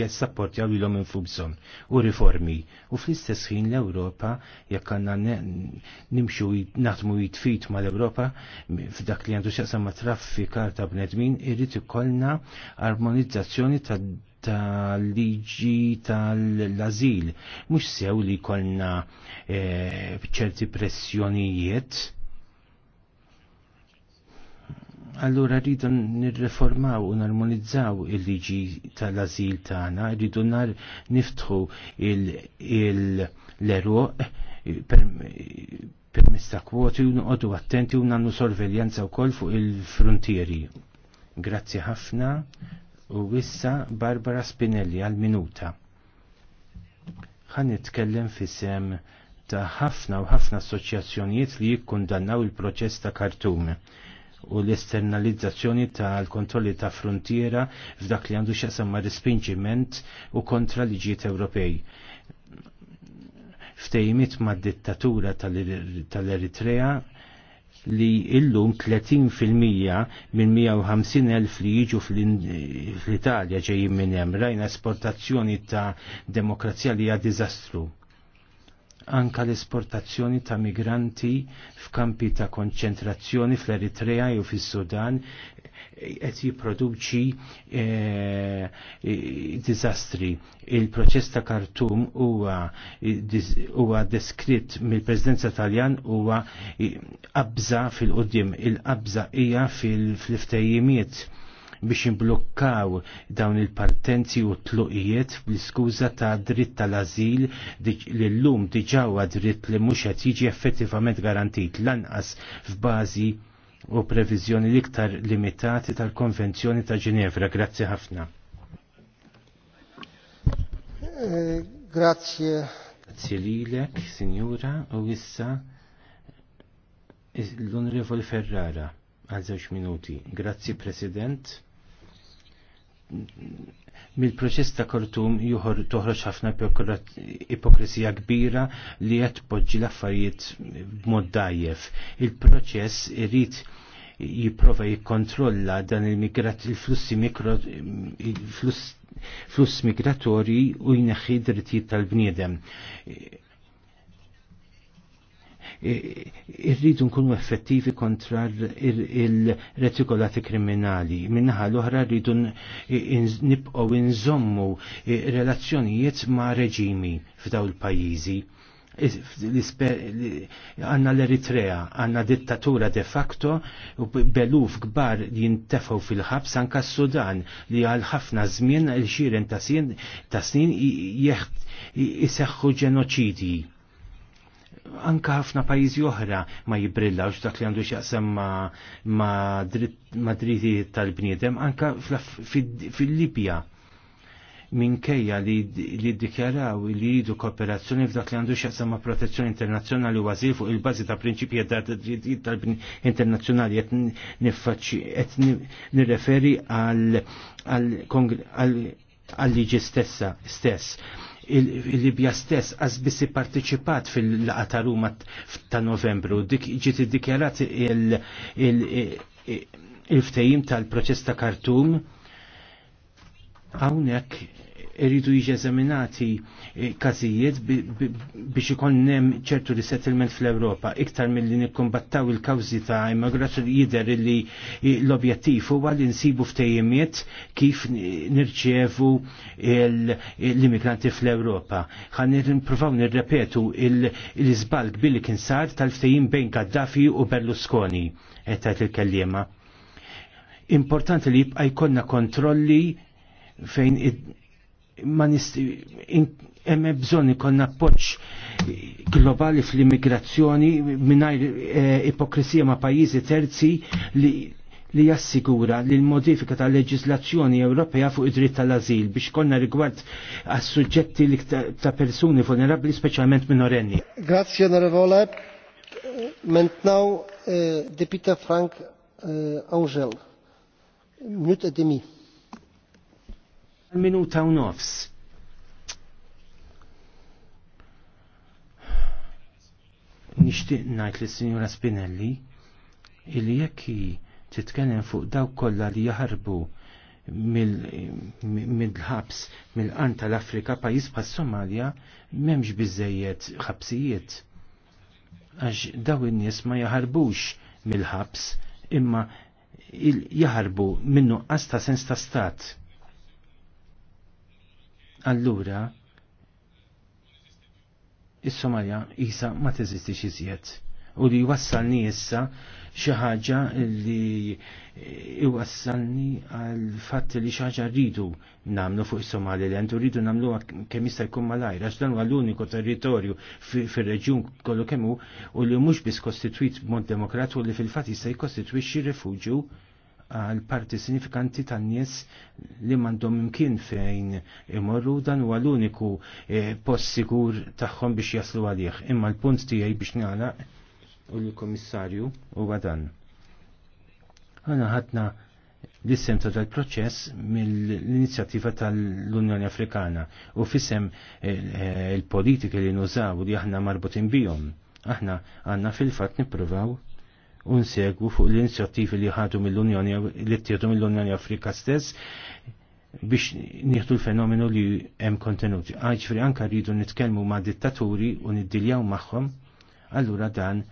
jessapportjaw li l-om infubżon u riformi. U fl-istess ħin l-Europa, jekk għanna nimxu natmu jitfit ma l-Europa, f'dak li għandu xaqsa ma traffikar ta' bnedmin, irrit ikollna armonizzazzjoni ta' tal-liġi tal-azil. Mux sew li kolna eh, ċerti pressjonijiet Allura rridu nirreformaw u narmonizzaw il-liġi tal-azil tagħna, rridu nar niftħu l-eruq per ta' kwoti u noqogħdu attenti u nagħmlu sorveljanza wkoll fuq il-frontieri. Grazzi ħafna u issa Barbara Spinelli għal minuta. Ħan nitkellem fisem ta' ħafna u ħafna assoċjazzjonijiet li jikkundannaw il-proċess ta' Kartum u l-esternalizzazzjoni tal-kontrolli ta' frontiera f'dak li għandu xaqsam ma' respingiment u kontra liġijiet Ewropej. Ftejmit ma' dittatura tal-Eritrea li illum 30% minn 150.000 li jiġu fl-Italja ġejjin minn hemm rajna esportazzjoni ta' demokrazija li hija diżastru anka l-esportazzjoni ta' migranti f'kampi ta' konċentrazzjoni fl-Eritrea u fis-Sudan qed jipproduċi e, e, diżastri. Il-proċess ta' Kartum huwa deskritt mill-Presidenza Taljan huwa qabża fil-qudiem, il-qabża hija fil-ftejjimiet. fil qudiem il qabża hija fil ftejjimiet fil biex imblukkaw dawn il-partenzi u tluqijiet bl-iskuża ta' dritt tal-azil li l-lum diġawa dritt li mhux qed jiġi effettivament garantit lanqas f'bażi u previżjoni l-iktar limitati tal-Konvenzjoni ta' Ġinevra. Grazzi ħafna. Eh, grazie. Grazie lilek, signora, u issa l-Onorevoli Ferrara għal żewġ minuti. Grazzi President mill-proċess ta' Kortum juħor toħroġ ħafna ipokrisija kbira li qed poġġi l-affarijiet b'mod dajjef. Il-proċess irid jipprova jikkontrolla dan il-flussi mikro il-fluss migratorji u jneħħi drittijiet tal-bniedem irridu nkunu effettivi kontra il-retikolati kriminali. Minnaħa l-oħra rridu nibqgħu nżommu eh, relazzjonijiet ma' reġimi f'daw il-pajjiżi għanna l-Eritrea, għanna dittatura de facto, u beluf kbar li jintefaw fil-ħabs anka s-Sudan li għal ħafna żmien il-xiren ta' snin jeħt jiseħħu ġenoċidji anka ħafna pajjiżi oħra ma jibrillawx dak li għandu x'jaqsam ma, ma drittijiet tal-bniedem anka fil-Libja minkejja li, li dikjaraw li jidu kooperazzjoni f'dak li għandu xaqsam ma' protezzjoni internazzjonali u għazil fuq il-bazi ta' prinċipji tal-internazzjonali qed nirreferi għal-liġi stessa stess il-Libja stess bissi parteċipat fil-laqa ta' ta' novembru. Dik ġiet iddikjarat il-ftejim tal-proċess ta' Kartum. Hawnhekk irridu jiġi eżaminati eh, każijiet biex ikun hemm ċertu resettlement fl-Ewropa iktar milli nikkumbattaw il-kawżi ta' immigrazzjoni jidher li eh, l-objettiv huwa li nsibu ftejjimiet kif nirċevu l-immigranti fl-Ewropa. Ħan nipprovaw nirrepetu l-iżbalg billi kien sar tal-ftejjim bejn Gaddafi u Berlusconi qed tgħid il-kellima. Importanti li jibqa' jkollna kontrolli fejn ma hemm bżonn ikollna appoġġ globali fl-immigrazzjoni mingħajr eh, ipokrisija ma' pajjiżi terzi li li jassigura li l-modifika tal leġislazzjoni Ewropea fuq id-dritt tal-azil biex konna rigward għas suġġetti li ta' persuni vulnerabli speċjalment minorenni. Grazie onorevole. Mentnaw eh, deputa Frank eh, Angel. Minut demi. Minuta u nofs. Nishtiq najt li Signora Spinelli illi jekki titkellem fuq daw kollha li jaħarbu mill-ħabs mill-qan tal-Afrika pajjiż bħas Somalja m'hemmx biżejjed ħabsijiet. Għax daw in-nies ma jaħarbux mill-ħabs imma jaħarbu minnu qas ta' sens ta' stat allura is-Somalja isa ma teżistix iżjed u li jwassalni issa xi ħaġa li jwassalni għal fatt li xi ħaġa rridu nagħmlu fuq is-Somaliland u rridu nagħmlu kemm jista' jkun malajr għax dan huwa l-uniku territorju fir-reġjun kollu kemm hu u li mhux biss kostitwit b'mod demokratiku li fil-fatt jista' jikkostitwixxi rifuġju għal parti sinifikanti tan nies li mandom imkien fejn imorru dan huwa l-uniku e, post sigur tagħhom biex jaslu għalih. Imma l-punt tiegħi biex nagħlaq u l-Komissarju huwa dan. Għana ħadna l isem ta' tal-proċess mill-inizjattiva tal-Unjoni Afrikana u fissem e, e, il-politika li nużaw li aħna marbutin bihom. Aħna għanna fil-fat nipruvaw unsegwu fuq l-inizjattivi li ħadu mill-Unjoni li ttieħdu mill-Unjoni Afrika stess biex nieħdu l-fenomenu li hemm kontenuti. Għajġfri ah, anka rridu nitkellmu ma' dittaturi u niddiljaw magħhom, allura dan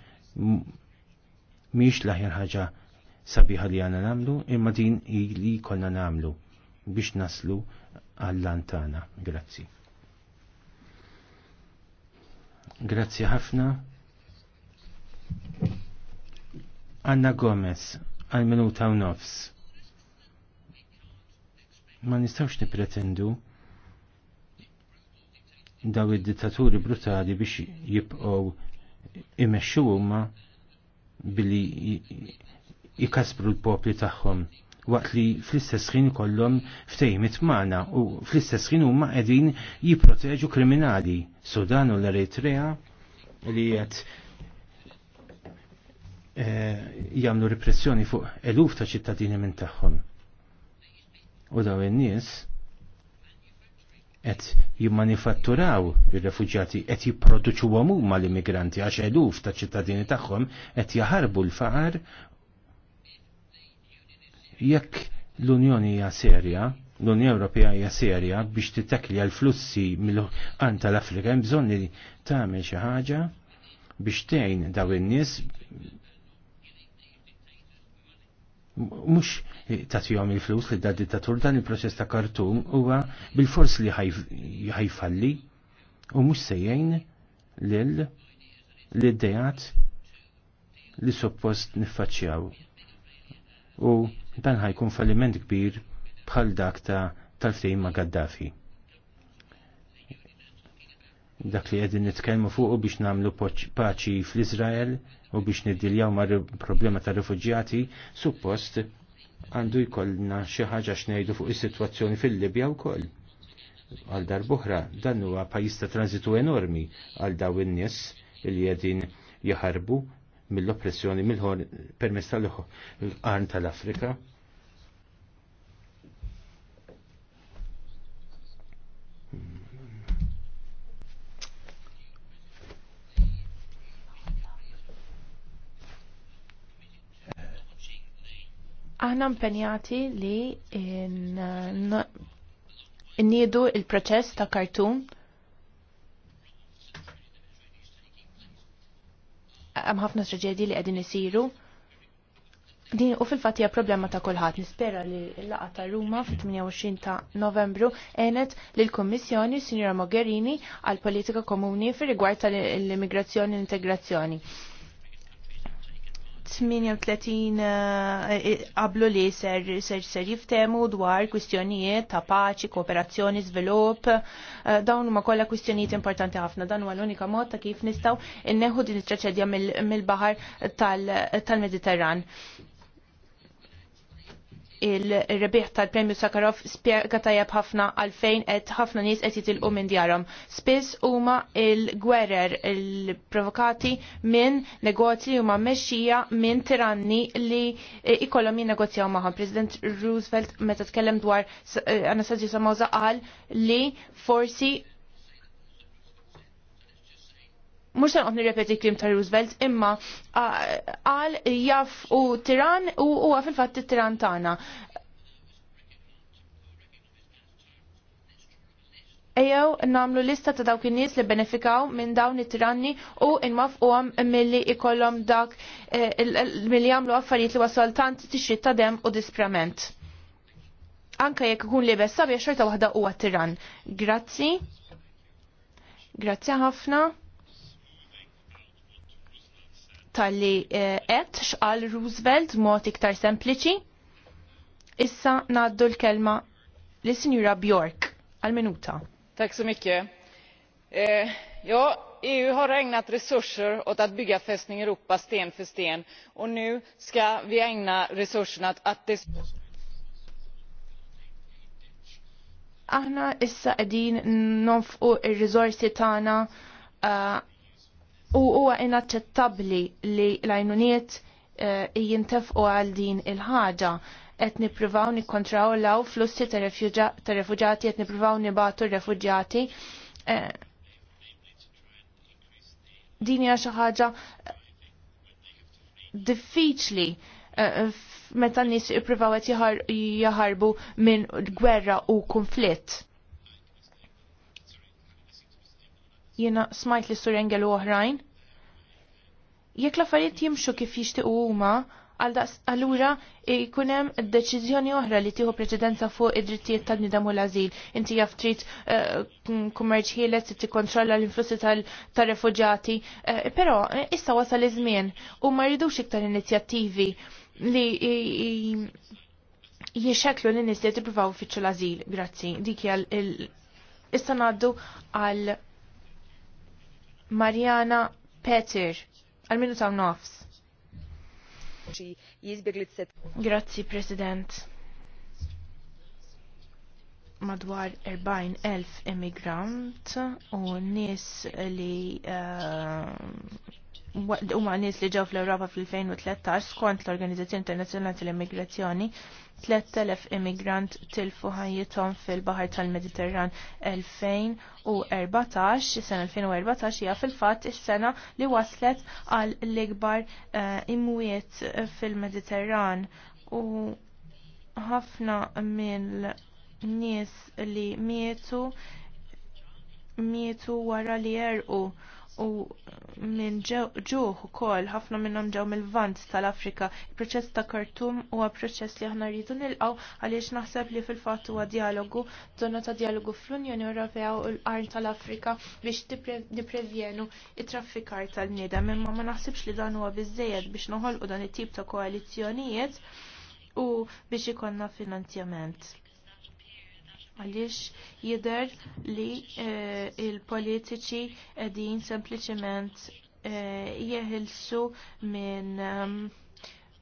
miex l-aħjar ħaġa sabiħa li għana namlu, imma din li konna namlu biex naslu għall-lantana. Grazzi. Grazzi ħafna. Anna Gomez, għal minuta u nofs. Ma nistawx nipretendu daw id-dittaturi brutali biex jibqgħu imexxu huma billi jikasbru l-popli tagħhom waqt li fl-istess ħin kollhom ftejmit magħna u fl-istess ħin huma qegħdin jipproteġu kriminali Sudan u l-Eritrea li qed Eh, jagħmlu repressjoni fuq eluf ta' ċittadini minn tagħhom. U daw in-nies qed jimmanifatturaw ir-refuġjati qed jipproduċuhom huma l-immigranti għax eluf ta' ċittadini tagħhom qed jaħarbu l-faqar jekk l-Unjoni hija serja, l-Unjoni Ewropea hija serja biex titekli l-flussi mill-qan tal-Afrika hemm bżonn li tagħmel xi ħaġa biex tgħin daw in-nies mux tatijom il-flus li da dittatur dan il-proċess ta' kartum huwa bil-fors li ħajfalli u mux sejjajn lil li d-dejat li suppost niffaċċjaw. U dan ħajkun falliment kbir bħal dak ta' tal fejn ma' Gaddafi dak li għedin nitkelmu u biex namlu paċi fl-Izrael u biex nidiljaw mar problema ta' rifugjati, suppost għandu jkollna xi ħaġa xnejdu fuq is-sitwazzjoni fil-Libja wkoll. Għal darbohra dan huwa pajjiż ta' tranzitu enormi għal daw in-nies li qegħdin jaħarbu mill-oppressjoni mill-ħor permess tal-qarn tal-Afrika. Aħna impenjati li nniedu il-proċess ta' kartun hemm ħafna traġedji li qegħdin isiru. Din u fil-fatt hija problema ta' kulħadd. Nispera li l-laqgħa ta' Ruma fit-28 ta' Novembru għenet li l-Kummissjoni Sinjora Mogherini għal politika komuni fir rigward tal-immigrazzjoni u integrazzjoni. 38 eh, eh, qablu li ser, ser, ser jiftemu dwar kwistjonijiet ta' paċi, kooperazzjoni, svilup. Eh, dawn huma kollha kwistjonijiet importanti ħafna. Dan huwa l-unika mod ta' kif nistgħu inneħu din it-traċedja mill-baħar tal-Mediterran. Tal il-rebiħ tal-Premju Sakharov spiega tajab ħafna għalfejn qed ħafna nies qed jitilqu minn djarhom. Spiss huma il-gwerer il-provokati minn negozji huma mexxija minn tiranni li ikollhom jinnegozjaw magħhom. President Roosevelt meta tkellem dwar eh, Anastasia Samoza qal li forsi mux sanqot nirrepeti klim ta' Roosevelt, imma għal jaff u tiran u huwa fil-fatt tiran tagħna. Ejjew namlu lista ta' dawk in-nies li benefikaw minn dawn it-tiranni u inwafquhom milli ikollom dak eh, milli jagħmlu affarijiet li wasol tant tixrid ta' dem u disprament. Anka jekk ikun li bessa biex xorta waħda huwa tiran. Grazzi. Grazzi ħafna tal-li qed eh, xqal Roosevelt mod iktar sempliċi. Issa naddu l-kelma li sinjura Bjork għal-minuta. Tak så mikke. Eh, jo, EU har ägnat resurser åt att bygga Fästning Europa sten för sten och nu ska vi ägna resurserna att, att det... Aħna issa qegħdin nonfqu ir-riżorsi tagħna eh, U huwa inaċċettabbli li l-għajnuniet eh, jintefqu għal din il-ħaġa qed nippruvaw nikkontrollaw flussi ta' refuġati qed nippruvaw nibatu r-refuġjati. Eh, din hija xi ħaġa eh, diffiċli meta n-nies ippruvaw qed jaħarbu minn gwerra u konflitt. Jiena smajt li surengel u oħrajn. Jekk l-affarijiet jimxu kif jixtiequ huma, allura jkun hemm deċiżjoni oħra li tieħu preċedenza fuq id-drittijiet tad nidam u l-azil. Inti jaf trid eh, kummerċ ħieles trid tikkontrolla l-influssi tar-refuġjati, eh, però eh, issa wasal iż-żmien u ma rridux iktar inizjattivi li jiexeklu li nistiet ippruvaw fiċċu l-azil. Grazzi, dik hija Issa naddu għal Marjana Peter, għal-minu ta' nofs. Grazzi, President. Madwar 40.000 emigrant u nis li uh, huma nies li ġew fl-Ewropa fl-2013 skont l-Organizzazzjoni Internazzjonali tal-Immigrazzjoni 3000 immigrant tilfu ħajjithom fil-Baħar tal-Mediterran 2014, sena 2014 hija fil-fatt is-sena li waslet għal l-ikbar eh, imwiet fil-Mediterran u ħafna minn nies li mietu mietu wara li erqu u minn ġuħ ukoll ħafna minnhom ġew mill-vant tal-Afrika. Il-proċess ta' Khartoum huwa proċess li aħna rridu nilqgħu għaliex naħseb li fil-fatt huwa dialogu, żona ta' dialogu fl-Unjoni Ewropea u l-Qarn tal-Afrika biex nipprevjenu it-traffikar tal nida Imma ma naħsibx li dan huwa biżejjed biex noħolqu dan it-tip ta' koalizzjonijiet u biex ikonna finanzjament għaliex jidher li l eh, il-politiċi qegħdin sempliċement e, jeħilsu minn um,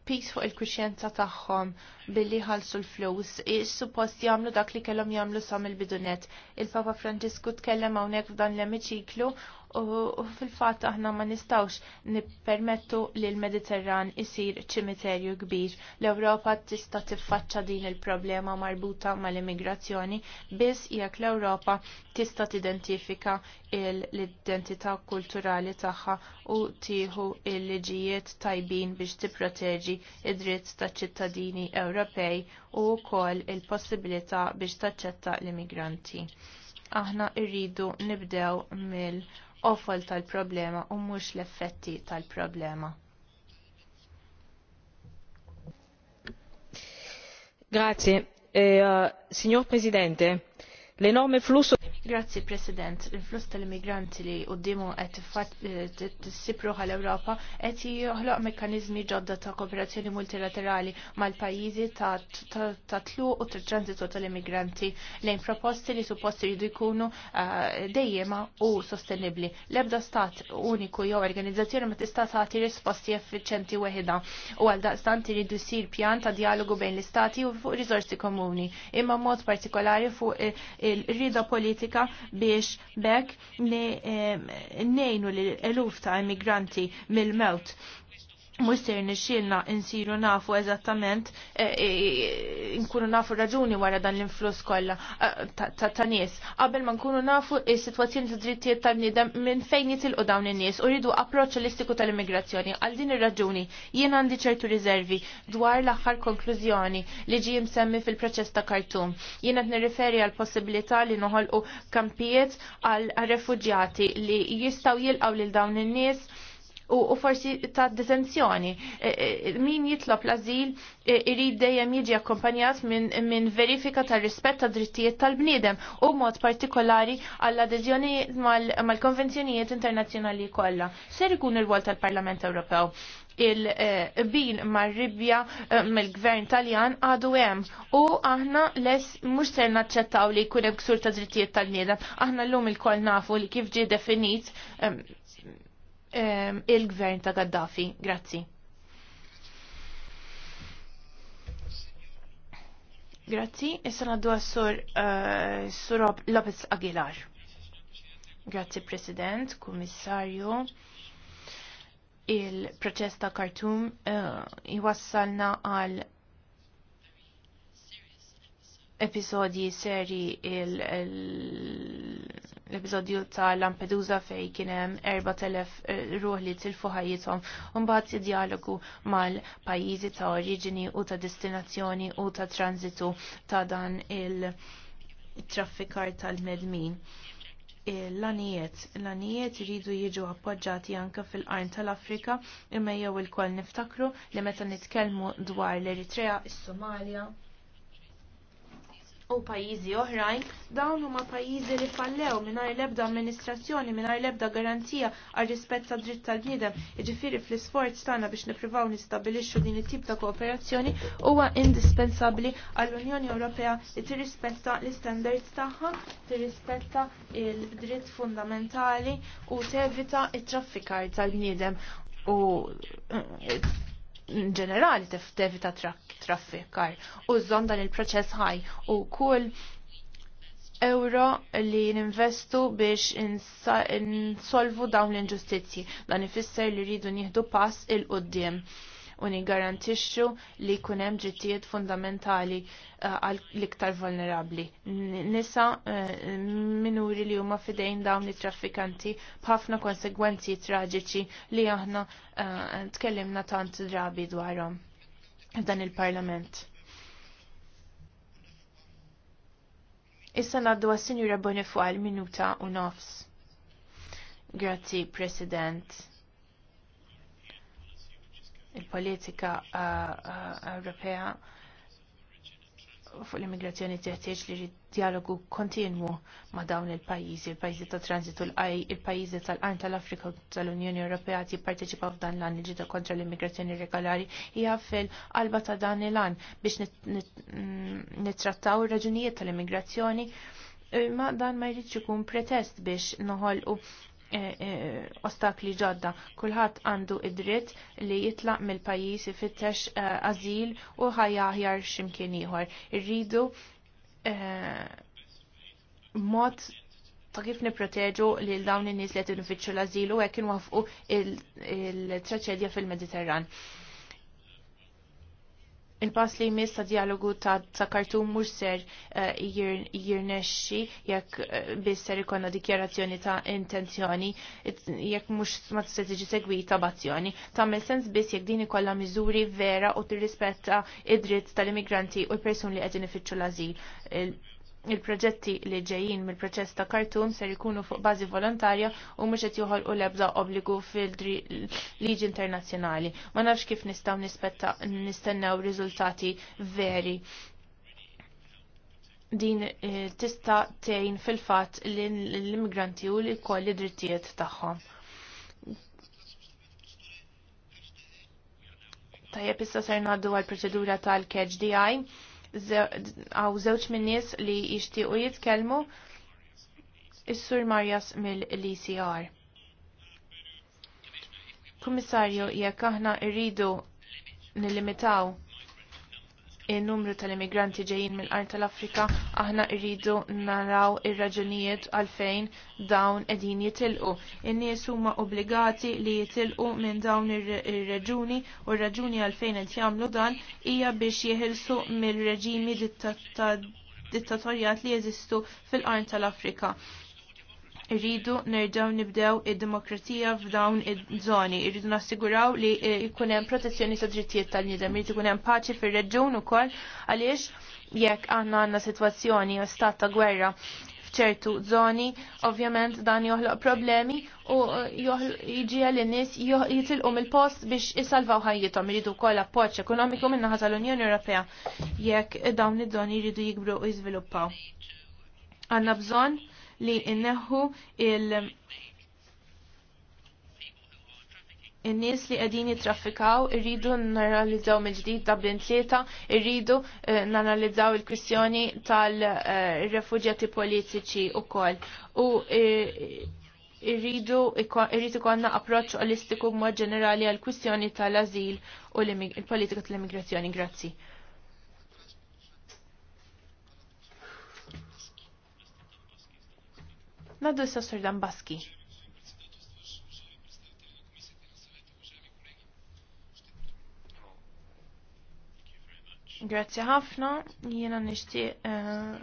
peace fuq il-kuxjenza tagħhom billi ħalsu l-flus, suppost jagħmlu dak li kellhom jagħmlu sam il-bidunet. Il-Papa Franġisku tkellem hawnhekk f'dan l-emiċiklu u fil-fatt aħna ma nistawx nippermettu li l-Mediterran isir ċimiterju kbir. L-Ewropa tista' tiffaċċa din il-problema marbuta mal-immigrazzjoni biss jekk l-Ewropa tista' tidentifika l-identità kulturali tagħha u tieħu l liġijiet tajbin biex tipproteġi id-dritt taċ-ċittadini Ewropa Ewropej u wkoll il-possibilità biex taċċetta l-immigranti. Aħna rridu nibdew mill-ofol tal-problema u mhux l-effetti tal-problema. Grazie. Eh, uh, signor Presidente, L-enormi flussu. Grazzi, President. il flus tal-immigranti li qoddimu qed sipru għall-Ewropa qed joħloq mekkaniżmi ġodda ta' kooperazzjoni multilaterali mal-pajjiżi ta' tlu u transitu tal-immigranti lejn proposti li supposti jridu jkunu eh, dejjema u sostenibbli. L-ebda stat uniku jew organizzazzjoni ma tista' tagħti risposti effiċenti weħida u għal daqstant jridu jsir pjan ta' dialogu bejn l-istati u fuq risorsi komuni, imma mod partikolari fuq eh, il-rida politika biex bekk eh, nejnu l-eluf ta' immigranti mill-mewt Muster nixilna insiru nafu eżattament, e, e, e, nkunu nafu raġuni wara dan l-influss kolla ta' nies. Qabel ma nkunu nafu il sitwazzjoni ta' drittijiet ta' bniedem minn fejn jitilqu dawn in-nies u rridu approċċ holistiku tal-immigrazzjoni. Għal din ir-raġuni jien għandi ċertu riservi dwar l-aħħar konklużjoni li ġi msemmi fil-proċess ta' Kartum. Jien qed nirriferi għal possibilità li noħolqu kampijiet għal refuġjati li jistgħu jilqgħu lil dawn in-nies u forsi ta' detenzjoni. E, e, min jitlob l-azil e, irid dejjem jiġi akkompanjat minn verifika ta' rispett ta' drittijiet tal-bniedem u mod partikolari għall adeżjoni mal-konvenzjonijiet internazzjonali kollha. Ser ikun il-wol tal-Parlament Ewropew il-bin mar-ribja mill-gvern taljan għadu hemm u aħna les mhux ser naċċettaw li jkun hemm ksur ta' drittijiet tal-bniedem. Aħna llum il koll nafu li kif ġie definit Ehm, il-gvern ta' Gaddafi. Grazzi. Grazzi, issa naddu għassur uh, Lopez Aguilar. Grazzi President, Kummissarju. Il-proċess ta' Khartoum uh, eh, jwassalna għal episodji seri l-episodju ta' Lampedusa fej kienem 4.000 eh, ruħ li tilfu ħajjithom unbat dialogu mal-pajizi ta' oriġini u ta' destinazzjoni u ta' tranzitu ta' dan il-traffikar tal-medmin. L-anijiet, l-anijiet rridu jiġu appoġġati anka fil-qarn tal-Afrika imma jew il-kol niftakru li meta nitkellmu dwar l-Eritrea, is-Somalia, u pajjiżi oħrajn, dawn huma pajjiżi li fallew mingħajr l-ebda amministrazzjoni, mingħajr l-ebda garanzija għal rispett tad dritt tal-bniedem. iġifiri fl-isforz tagħna biex nippruvaw nistabilixxu din it-tip ta' kooperazzjoni huwa indispensabbli għall-Unjoni Ewropea li tirrispetta l-istandards tagħha, tirrispetta l dritt fundamentali u tevita it-traffikar tal-bniedem u eh, ġenerali tevita traffikar u żżomm dan il-proċess ħaj u kull euro li ninvestu biex insolvu dawn l-inġustizji. Dan ifisser li rridu nieħdu pass il-qoddim u nigarantixxu li jkun hemm ġittijiet fundamentali eh, għal l-iktar vulnerabbli. Nisa eh, minuri li huma fidejn dawn it-traffikanti b'ħafna konsegwenzi traġiċi li aħna eh, tkellimna tant drabi dwarhom dan il-Parlament. Issa naddu għas-Sinjura Bonifu għal minuta u nofs. Grazzi, President il-politika Ewropea fuq l-immigrazzjoni teħtieġ li dialogu kontinwu ma' dawn il-pajjiżi, il-pajjiżi ta' qaj il-pajjiżi tal-qarn tal-Afrika u tal-Unjoni Ewropea ti parteċipaw f'dan l-an il-ġita kontra l-immigrazzjoni regolari hija fil-qalba ta' dan il għan biex mm, nittrattaw ir-raġunijiet tal-immigrazzjoni imma dan ma jridx ikun pretest biex noħolqu Eh, eh, ostakli ġodda. Kulħadd għandu id-dritt li jitlaq mill-pajjiż ifittex għażil eh, u ħajjaħjar x'imkien ieħor. Irridu mod ta' kif niproteġu lil dawn in-nies li qed l-ażilu hekk inwafqu il-traċedja fil-Mediterran. l il traċedja fil mediterran il-pass li jmiss ta' dialogu ta', ta kartum mux ser eh, jirnexxi jekk eh, biss ser ikonna dikjarazzjoni ta' intenzjoni jekk mux ma tista' tiġi segwita b'azzjoni. Tagħmel sens biss jekk din ikollha miżuri vera u tirrispetta id-dritt tal-immigranti u l-persuni li qegħdin ifittxu l-ażil il-proġetti li ġejjin mill-proċess ta' Khartoum ser ikunu fuq bażi volontarja u mhux qed joħolqu l-ebda obbligu fil-liġi internazzjonali. Ma nafx kif nistgħu nispetta nistennew riżultati veri din eh, tista' tgħin fil-fatt li l-immigranti u li kolli drittijiet tagħhom. Tajjeb issa ser ngħaddu għall-proċedura tal-KHDI għaw zewċ minnis li jishtiqu jitkelmu Is-Sur Marjas mill-ECR. Kummissarju, jekk aħna rridu nillimitaw il-numru tal-immigranti ġejjin mill-qar tal-Afrika, aħna rridu naraw ir-raġunijiet għalfejn dawn qegħdin jitilqu. In-nies huma obbligati li jitilqu minn dawn ir-raġuni u r-raġuni għalfejn qed jagħmlu dan hija biex jeħilsu mill-reġimi dittatorjat li jeżistu fil-qarn tal-Afrika. Irridu nerġaw nibdew id-demokrazija f'dawn id-żoni. Irridu nassiguraw li jkun eh, hemm protezzjoni ta' drittijiet tal-nidem. Irridu ikun hemm paċi fir-reġjun ukoll għaliex jekk għandna għandna sitwazzjoni u stat ta' gwerra ċertu zoni, ovvjament dan joħloq problemi u eh, jiġi għal nies jitilqu mill-post biex isalvaw ħajjithom iridu wkoll appoġġ ekonomiku min-naħa tal-Unjoni Ewropea jekk dawn id-żoni jridu jikbru u jizviluppaw. Għanna bżonn li inneħu il- in-nies li qegħdin jitraffikaw irridu nanalizzaw mill-ġdid Dublin tlieta, irridu eh, nanalizzaw il-kwistjoni tal-refuġjati eh, politiċi wkoll. U eh, irridu irrid ikollna approċċ olistiku b'mod ġenerali għall kwistjoni tal-ażil u l-politika tal-immigrazzjoni. Grazzi. Naddu s Sur Dambaski. Grazzi ħafna, jiena nishti immur eh,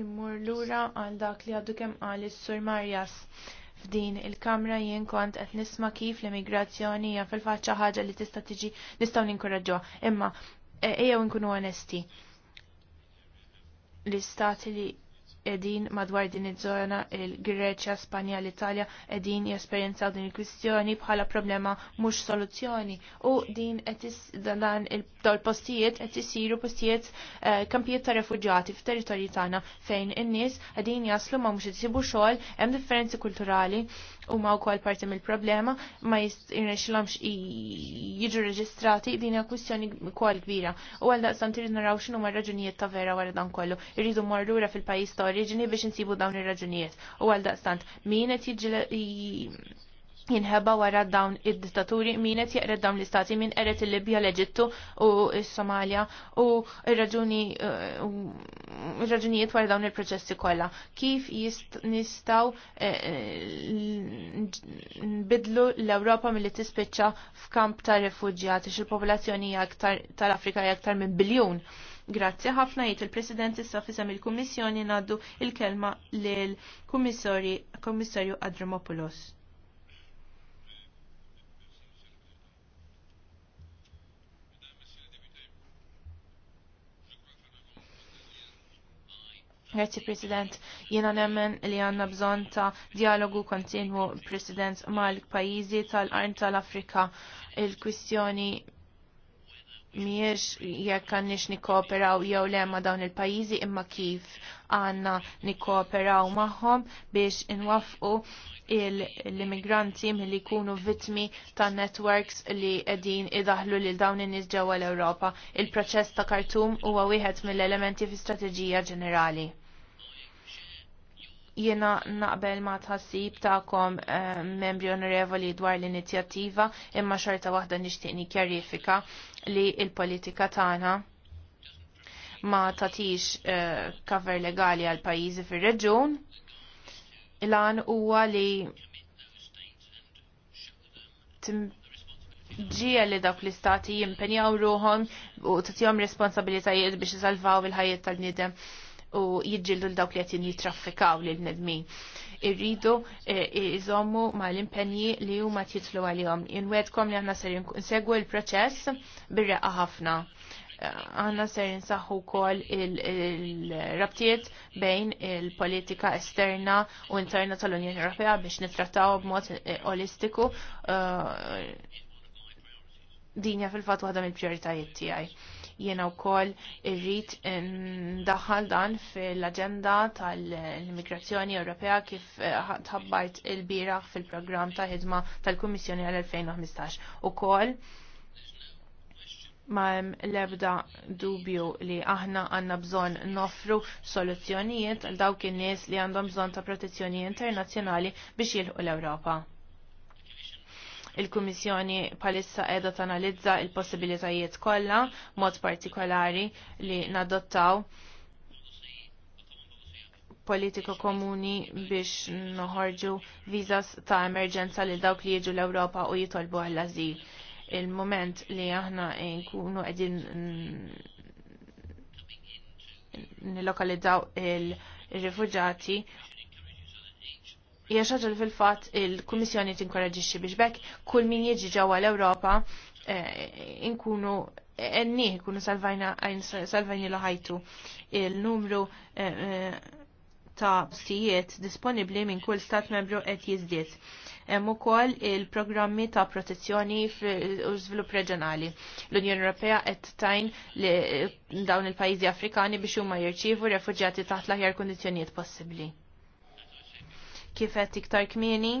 immur lura għal dak li għaddu kemm għal s sur Marjas. F'din il-kamra jien kont qed nisma' kif l-immigrazzjoni hija fil-faċċa ħaġa li tista' tiġi nistgħu ninkoraġġuha. Imma eh, ejjew nkunu onesti. L-istati li edin madwar din iż-żona il-Greċja, Spanja, l-Italja edin jesperjenzaw din il-kwistjoni bħala problema mhux soluzzjoni u din qed dan il postijiet qed isiru postijiet eh, kampijiet ta' refuġjati f'territorji tagħna fejn in-nies qegħdin jaslu ma mhux isibu xogħol hemm differenzi kulturali u ma' u kol parti mill-problema ma' jirnexilomx jiġu reġistrati din hija kwistjoni kol kbira. U għal daqsam tirid naraw xinu ma' raġunijiet ta' vera wara dan kollu. Irridu marrura fil-pajjiż ta' oriġini biex insibu dawn ir-raġunijiet. U għal daqstant min qed jiġi jinħeba wara dawn id-dittaturi min qed dawn l-istati min qeret il-Libja l-Eġittu u s somalia u uh, r-raġunijiet wara dawn il-proċessi kollha. Kif nistgħu eh, eh, nbidlu l-Ewropa milli tispiċċa f'kamp ta' refuġjati x'il-popolazzjoni tal-Afrika hija aktar minn biljun. Grazzi ħafna jgħid il-President issa fisem il-Kummissjoni ngħaddu il-kelma l Kummissarju Adromopoulos. Grazie President, jiena nemmen li għanna bżon ta' dialogu kontinwu President mal-pajizi tal arn tal-Afrika. Il-kwistjoni miex jekk għannix nikkooperaw jew le ma' dawn il-pajjiżi imma kif għanna nikkooperaw magħhom biex inwaffqu l-immigranti milli jkunu vittmi ta' networks li qegħdin idaħlu lil dawn in-nies ġewwa l-Ewropa. Il-proċess ta' Kartum huwa wieħed mill-elementi fi strateġija ġenerali. Jiena naqbel ma tħassib ta'kom eh, membri onorevoli dwar l-inizjattiva imma xorta waħda nishtiqni kjarifika li il-politika tagħna ma tatix eh, cover legali għal pajjiżi fir-reġun. Il-għan huwa li ġie li dawk l-istati jimpenjaw ruħom u t-tjom responsabilitajiet biex jisalvaw il-ħajiet tal-nidem u jidġildu l-dawk li għatin jitraffikaw li l-nedmin. Irridu jizommu eh, ma l-impenji li huma titlu għalihom. Inwedkom li għanna ser insegwu il-proċess birreqa ħafna. Għanna eh, ser nsaħħu kol il-rabtiet bejn il-politika esterna u interna tal-Unjoni Ewropea biex nitrattaw b'mod eh, olistiku dinja fil-fat waħda mill-prioritajiet tiegħi. Jiena wkoll irrid ndaħħal dan fil-aġenda tal-immigrazzjoni Ewropea kif eh, tħabbart il biraħ fil-programm ta' ħidma tal-Kummissjoni għal-2015. Ukoll ma hemm l-ebda dubju li aħna għandna bżonn nofru soluzzjonijiet għal dawk in-nies li għandhom bżonn ta' protezzjoni internazzjonali biex jilħu l-Ewropa Il-Kummissjoni palissa edha tanalizza il-possibilitajiet kollha mod partikolari li nadottaw politiko komuni biex noħorġu vizas ta' emerġenza li dawk li jiġu l-Ewropa u jitolbu għall-azil. Il-moment li aħna nkunu qegħdin nilokalizzaw il-rifuġati hija xaġal fil-fatt il-Kummissjoni tinkoraġixxi biex bekk kull min jiġi ġewwa l-Ewropa eh, inkunu enniħ eh, ikunu eh, salvajni l-ħajtu il-numru ta' postijiet disponibbli minn kull stat membru qed jiżdied. Hemm ukoll il-programmi ta' protezzjoni u żvilupp reġjonali. L-Unjoni Ewropea qed tajn li dawn il-pajjiżi Afrikani biex huma jirċievu refuġjati taħt l-aħjar kundizzjonijiet possibbli kifet iktar kmieni.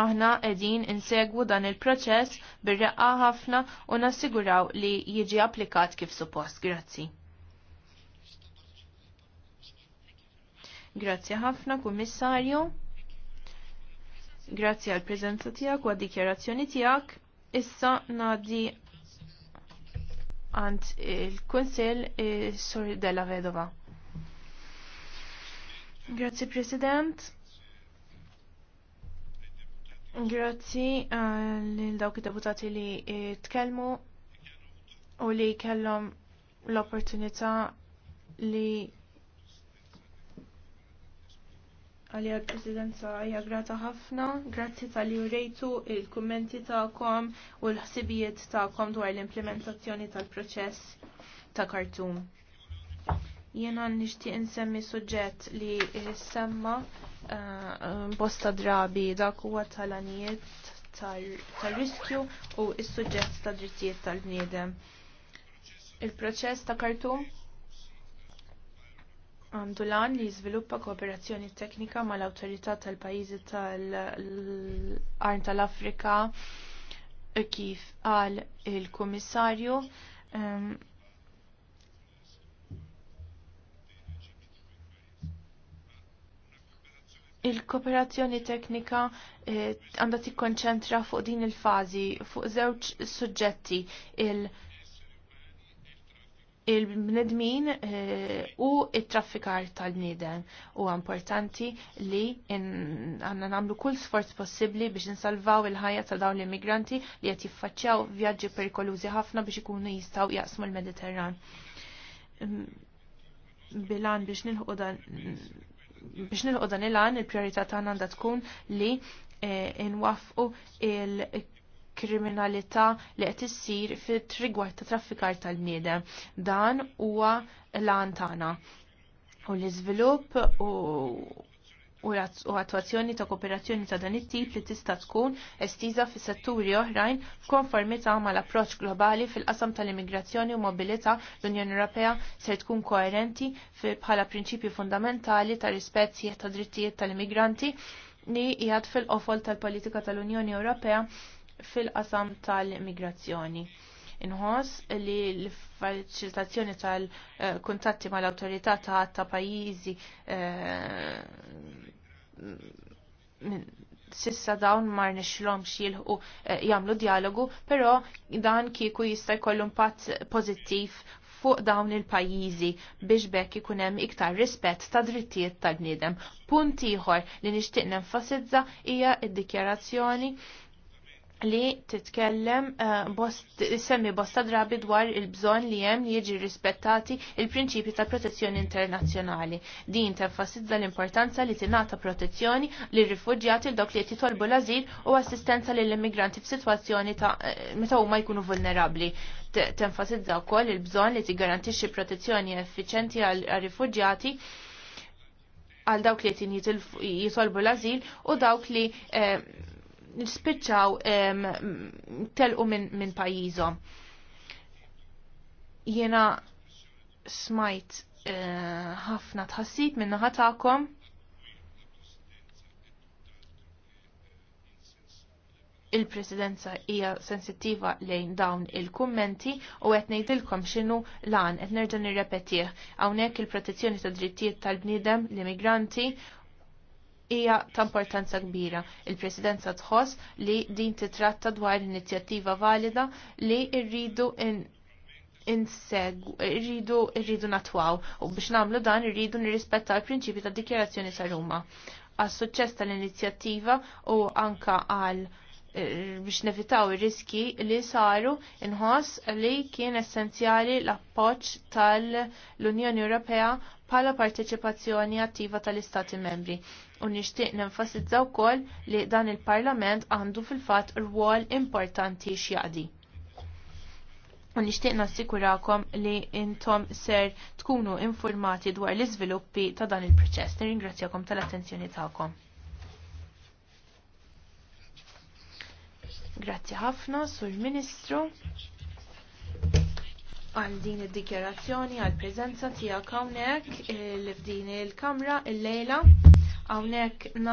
Aħna edin insegwu dan il-proċess bir-reqqa ħafna u nassiguraw li jiġi applikat kif suppost. Grazzi. Grazzi ħafna, kummissarju. Grazzi għal prezenza tijak u għad dikjarazzjoni tijak. Issa nadi għand il kunsel Sur Della Vedova. Grazie President. Grazzi eh, lil dawk id-deputati li eh, tkellmu u li kellhom l-opportunità li għalija presidenza hija grata ħafna, grazzi tal-li rejtu il-kummenti ta'kom u l-ħsibijiet ta'kom dwar l-implementazzjoni tal-proċess ta' Khartoum. Jena nixtieq insemmi suġġett li semma Eh, bosta drabi dak huwa tal-anijiet tal-riskju u s-suġġett ta' drittijiet tal-bniedem. Il-proċess ta' kartu għandu lan li jiżviluppa kooperazzjoni teknika mal-awtorità tal-pajjiżi tal-Arn tal-Afrika kif qal il-Kummissarju ehm, Il-kooperazzjoni teknika eh, għandha tikkonċentra fuq din il-fażi fuq żewġ suġġetti il- il-bnedmin eh, u il-traffikar tal-bniden u importanti li għanna namlu kull sforz possibli biex nsalvaw il-ħajja ta' dawn l-immigranti li qed jiffaċċjaw vjaġġi perikolużi ħafna biex ikunu jistgħu jaqsmu l-Mediterran. Mm, bilan biex nilħu dan biex nilħu dan il-għan il-priorità tagħna għandha tkun li eh, nwaffqu il-kriminalità li qed issir fit trigward ta' traffikar tal-bniedem. Dan huwa l-għan tagħna. U l-iżvilupp u u attuazzjoni ta' kooperazzjoni ta' dan it-tip li tista' tkun estiża fi setturi oħrajn ma' mal approċċ globali fil-qasam tal-immigrazzjoni u mobilità l-Unjoni Ewropea ser tkun koerenti bħala prinċipju fundamentali ta' rispett sieħ ta' drittijiet tal-immigranti li jgħad fil-qofol tal-politika tal-Unjoni Ewropea fil-qasam tal-immigrazzjoni. Inħoss li l-facilitazzjoni tal-kuntatti mal-autorità ta' ta' pajjiżi eh, mm, sissa dawn mar nixlom u eh, jamlu dialogu, pero dan kieku jista' jkollu impatt pozittiv fuq dawn il-pajjiżi biex bekk ikun hemm iktar rispett ta' drittijiet tal-bniedem. Punt ieħor li nixtieq nenfasizza hija d-dikjarazzjoni li titkellem eh, semmi bosta drabi dwar il-bżon li jem li jiġi rispettati il-prinċipi ta' protezzjoni internazzjonali. Din tenfasizza l-importanza li tinata protezzjoni li rifugjati l-dok li jtitolbu l-azil u assistenza li l-immigranti f'sitwazzjoni ta' eh, meta huma jkunu vulnerabli. Tenfasizza wkoll il-bżon li tigarantixxi protezzjoni effiċenti għal rifugjati għal dawk li jitin jitolbu l-azil u dawk li eh, nispiċċaw telqu minn pajjiżhom. Jiena smajt eh, ħafna tħassib minn naħa tagħkom. il-presidenza hija sensittiva lejn dawn il-kummenti u qed ngħidilkom x'inhu lan qed nerġa' nirrepetih hawnhekk il-protezzjoni tad drittijiet tal-bniedem, l-immigranti hija ta' importanza kbira. Il-Presidenza tħoss li din titratta dwar inizjattiva valida li rridu in insegu, irridu, irridu natwaw u biex namlu dan irridu nirrispetta l-prinċipi ta' dikjerazzjoni ta' Ruma. Għas suċċess tal-inizjattiva u anka għal eh, biex nevitaw ir-riski li saru inħoss li kien essenzjali l-appoċ tal-Unjoni Ewropea bħala parteċipazzjoni attiva tal-Istati membri u nixtieq nenfasizzaw kol li dan il-Parlament għandu fil-fatt rwol importanti x'jaqdi. U nixtieq nassikurakom li intom ser tkunu informati dwar l-iżviluppi ta' dan il-proċess. Nirringrazzjakom tal-attenzjoni tagħkom. Grazzi ħafna, Sur Ministru għal din id dikjarazzjoni għal preżenza tiegħek hawnhekk eh, li f'din il-kamra l lejla hawnhekk